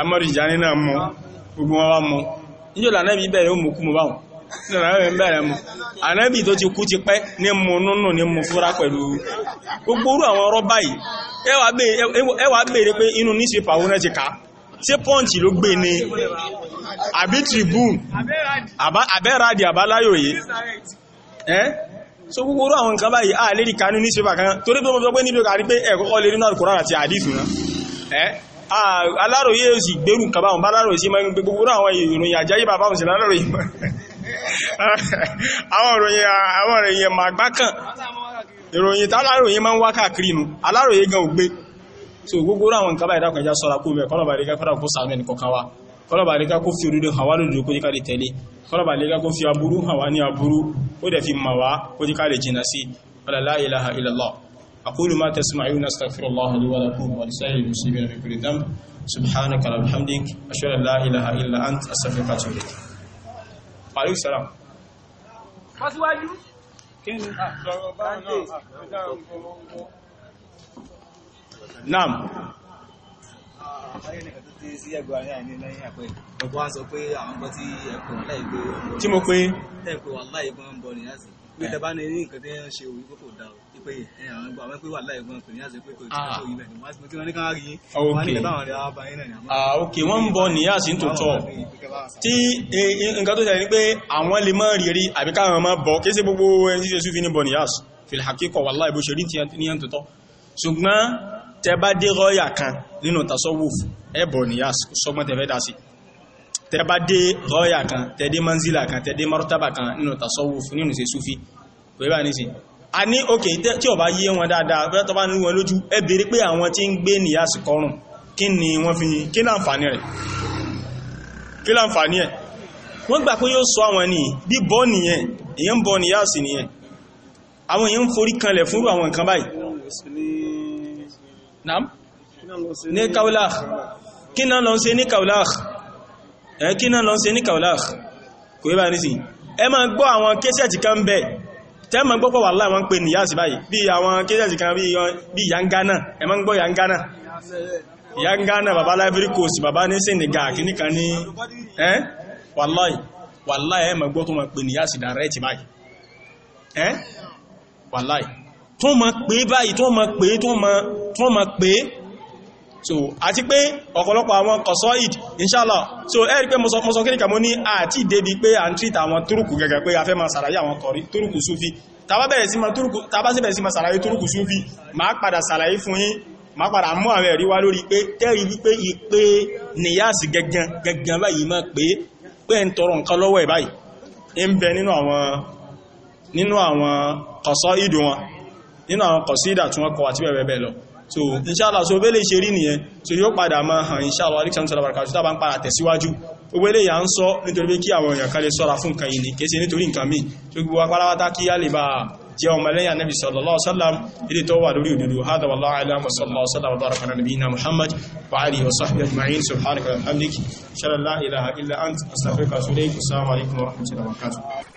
A: àmọ́rì ìjáni náà mú gbogbo wọn wá mú níjọ́ lànẹ́bì bẹ̀rẹ̀ ó mú kú mú báwọn lànẹ́bì bẹ̀rẹ̀ mú ànẹ́bì tó ti kú ti pẹ́ ní mú nínú ní mú fúra pẹ̀lú gbogbo orú àwọn báyìí ti ni àbí tribune àbẹ́ràdì àbáláyòye ẹ́ so a lè rí kanú newspaper kan torí pé mo sọ Ah, aláròyé sì gbérù kàbáhùn bá aláròyé sí mẹ́rin gbogbo àwọn ìròyìn àjáyé bàbáhùn sí aláròyé àwọn ìròyìn àwọn ìròyìn màgbákàn ìròyìn táláròyé máa ń wá káàkiri nù aláròyé gan ògbé so gbogbo àwọn nǹkan báyìí dákùnjá sọ́ra kó mẹ́ kọ́nà bàrí kákọ́nà kó sàánú ẹnì kọ̀ọ̀kan wa kọ́nà bàrí ká kó fi òdodo hàn wá lòdòdó kó jíkà lè tẹ̀lé kọ́nà bàrí ká kó fi aburú hàn wá ní aburú ó dẹ̀ أقول ما تسمعون أستغفر الله لي ولكم ولسائر المسلمين من كل ذنب سبحانك اللهم وبحمدك أشهد أن لا إله إلا أنت أستغفرك وأتوب إليك السلام Aṣíwájú? Naam. Tí mo pé? Tẹ́ pé bọ̀ ní àṣì. Pé tẹ ní nǹkan ṣe òwú kò dáa pé àwọn ẹgbẹ́ àwọn pé wà láì gbọ́n pè ní àṣẹ pé kò tí ah. wọ́n yìí bẹ̀rẹ̀ wọ́n ti wọ́n ní ká rí ah, wọ́n ní àwọn ọ̀rẹ́ àwọn báyìí náà ni àwọn. Ah, ok wọ́n ń bọ nìyá sí ń tòótọ́ tí e, e, nǹkan tó ṣẹlẹ̀ ni pé àwọn lè máa rí rí àbí káwọn máa bọ kí ṣe gbogbo ẹni tí Yusuf ní bọ nìyá fil haqiqa wallahi bó ṣe rí níyàn dé rọ́yà kan nínú tasawuf ẹ bọ nìyá sọgbọ́n tẹ fẹ́ dá sí tẹ bá kan tẹ dé manzila kan tẹ dé martaba kan nínú tasawuf nínú ṣe sufi pẹ̀lú àníṣe a ní òkè tí ọba yé wọn dáadáa pẹ́ tọba ní wọn lójú ẹ béèrè pé àwọn tí ń gbé nìyà sí kọrùn kí ni wọ́n fi kí láǹfààní rẹ̀ kí láǹfààní ẹ̀ wọ́n gbà pé yóò sọ àwọn ní bí bọ́ nìyẹn èyàn ń bọ́ nìyà sí nìyẹn àwọn èyàn ń forí kanlẹ̀ fún àwọn nǹkan báyìí ní kaulach kí náà lọ ṣe ní kaulach ẹ kí náà lọ ṣe ní kaulach kò yẹ bá ní sí ẹ máa gbọ́ àwọn kéṣẹ̀tì kan bẹ́ẹ̀ tẹ́mọ̀ gbọ́pọ̀ wà láwọn pè ní yáàsì báyìí bí àwọn kéjẹ̀sì kan bí yangana ẹ̀mọ́ ń gbọ́ yangana yangana bàbá Ivory Coast bàbá ní sínìgà kìníkan ní ẹ́ wàláì wàláì ẹ̀mọ̀ gbọ́ tó ma pè ní yáàsì dàrẹ́ẹ̀tì báyìí ẹ́ wàláì tó ma pè báyìí tó ma pè tó ma pè so àti pé ọ̀pọ̀lọpọ̀ àwọn kọ̀sọ́ìd inshallah so ẹ rí pé mọ́sọ kíríkà mọ́ ní àti ìdébi pé à ń tírìtà àwọn túrùkù gẹ́gẹ́ pé a fẹ́ máa sàlàyé àwọn kọ̀rí túrùkù súfí tàbá bẹ̀rẹ̀ sí máa sàlàyé túrùkù súfí máa padà sàlàyé fún yín máa padà mú àwọn ẹ̀rí wá lórí pé tẹ́rí wípé ìpé nìyáàsì gẹ́gẹ́ gẹ́gẹ́ báyìí máa pé pé ń tọrọ nǹkan lọ́wọ́ ẹ̀ báyìí ń bẹ nínú àwọn kọ̀sọ́ so inshallah so bẹ́lẹ̀ ṣe rí nìyẹn so yóò padà máa hàn inshallah alexander salabarka tó tàbá ń padà tẹ̀síwájú gbogbo eléyà ń sọ nítorí pé kí àwọn èèyàn kan lè sọ́ra fún nǹkan yìí kéèsì nítorí nǹkan míì tó gbogbo apáráwátá kí á lè bá jẹ́ ọmọ lẹ́yìn anábì sallallahu alaihi wasallam ilé tó wà lórí òdodo hada wallahu a'lam wa sallallahu alaihi wasallam wa baraka ala nabiyyina muhammad wa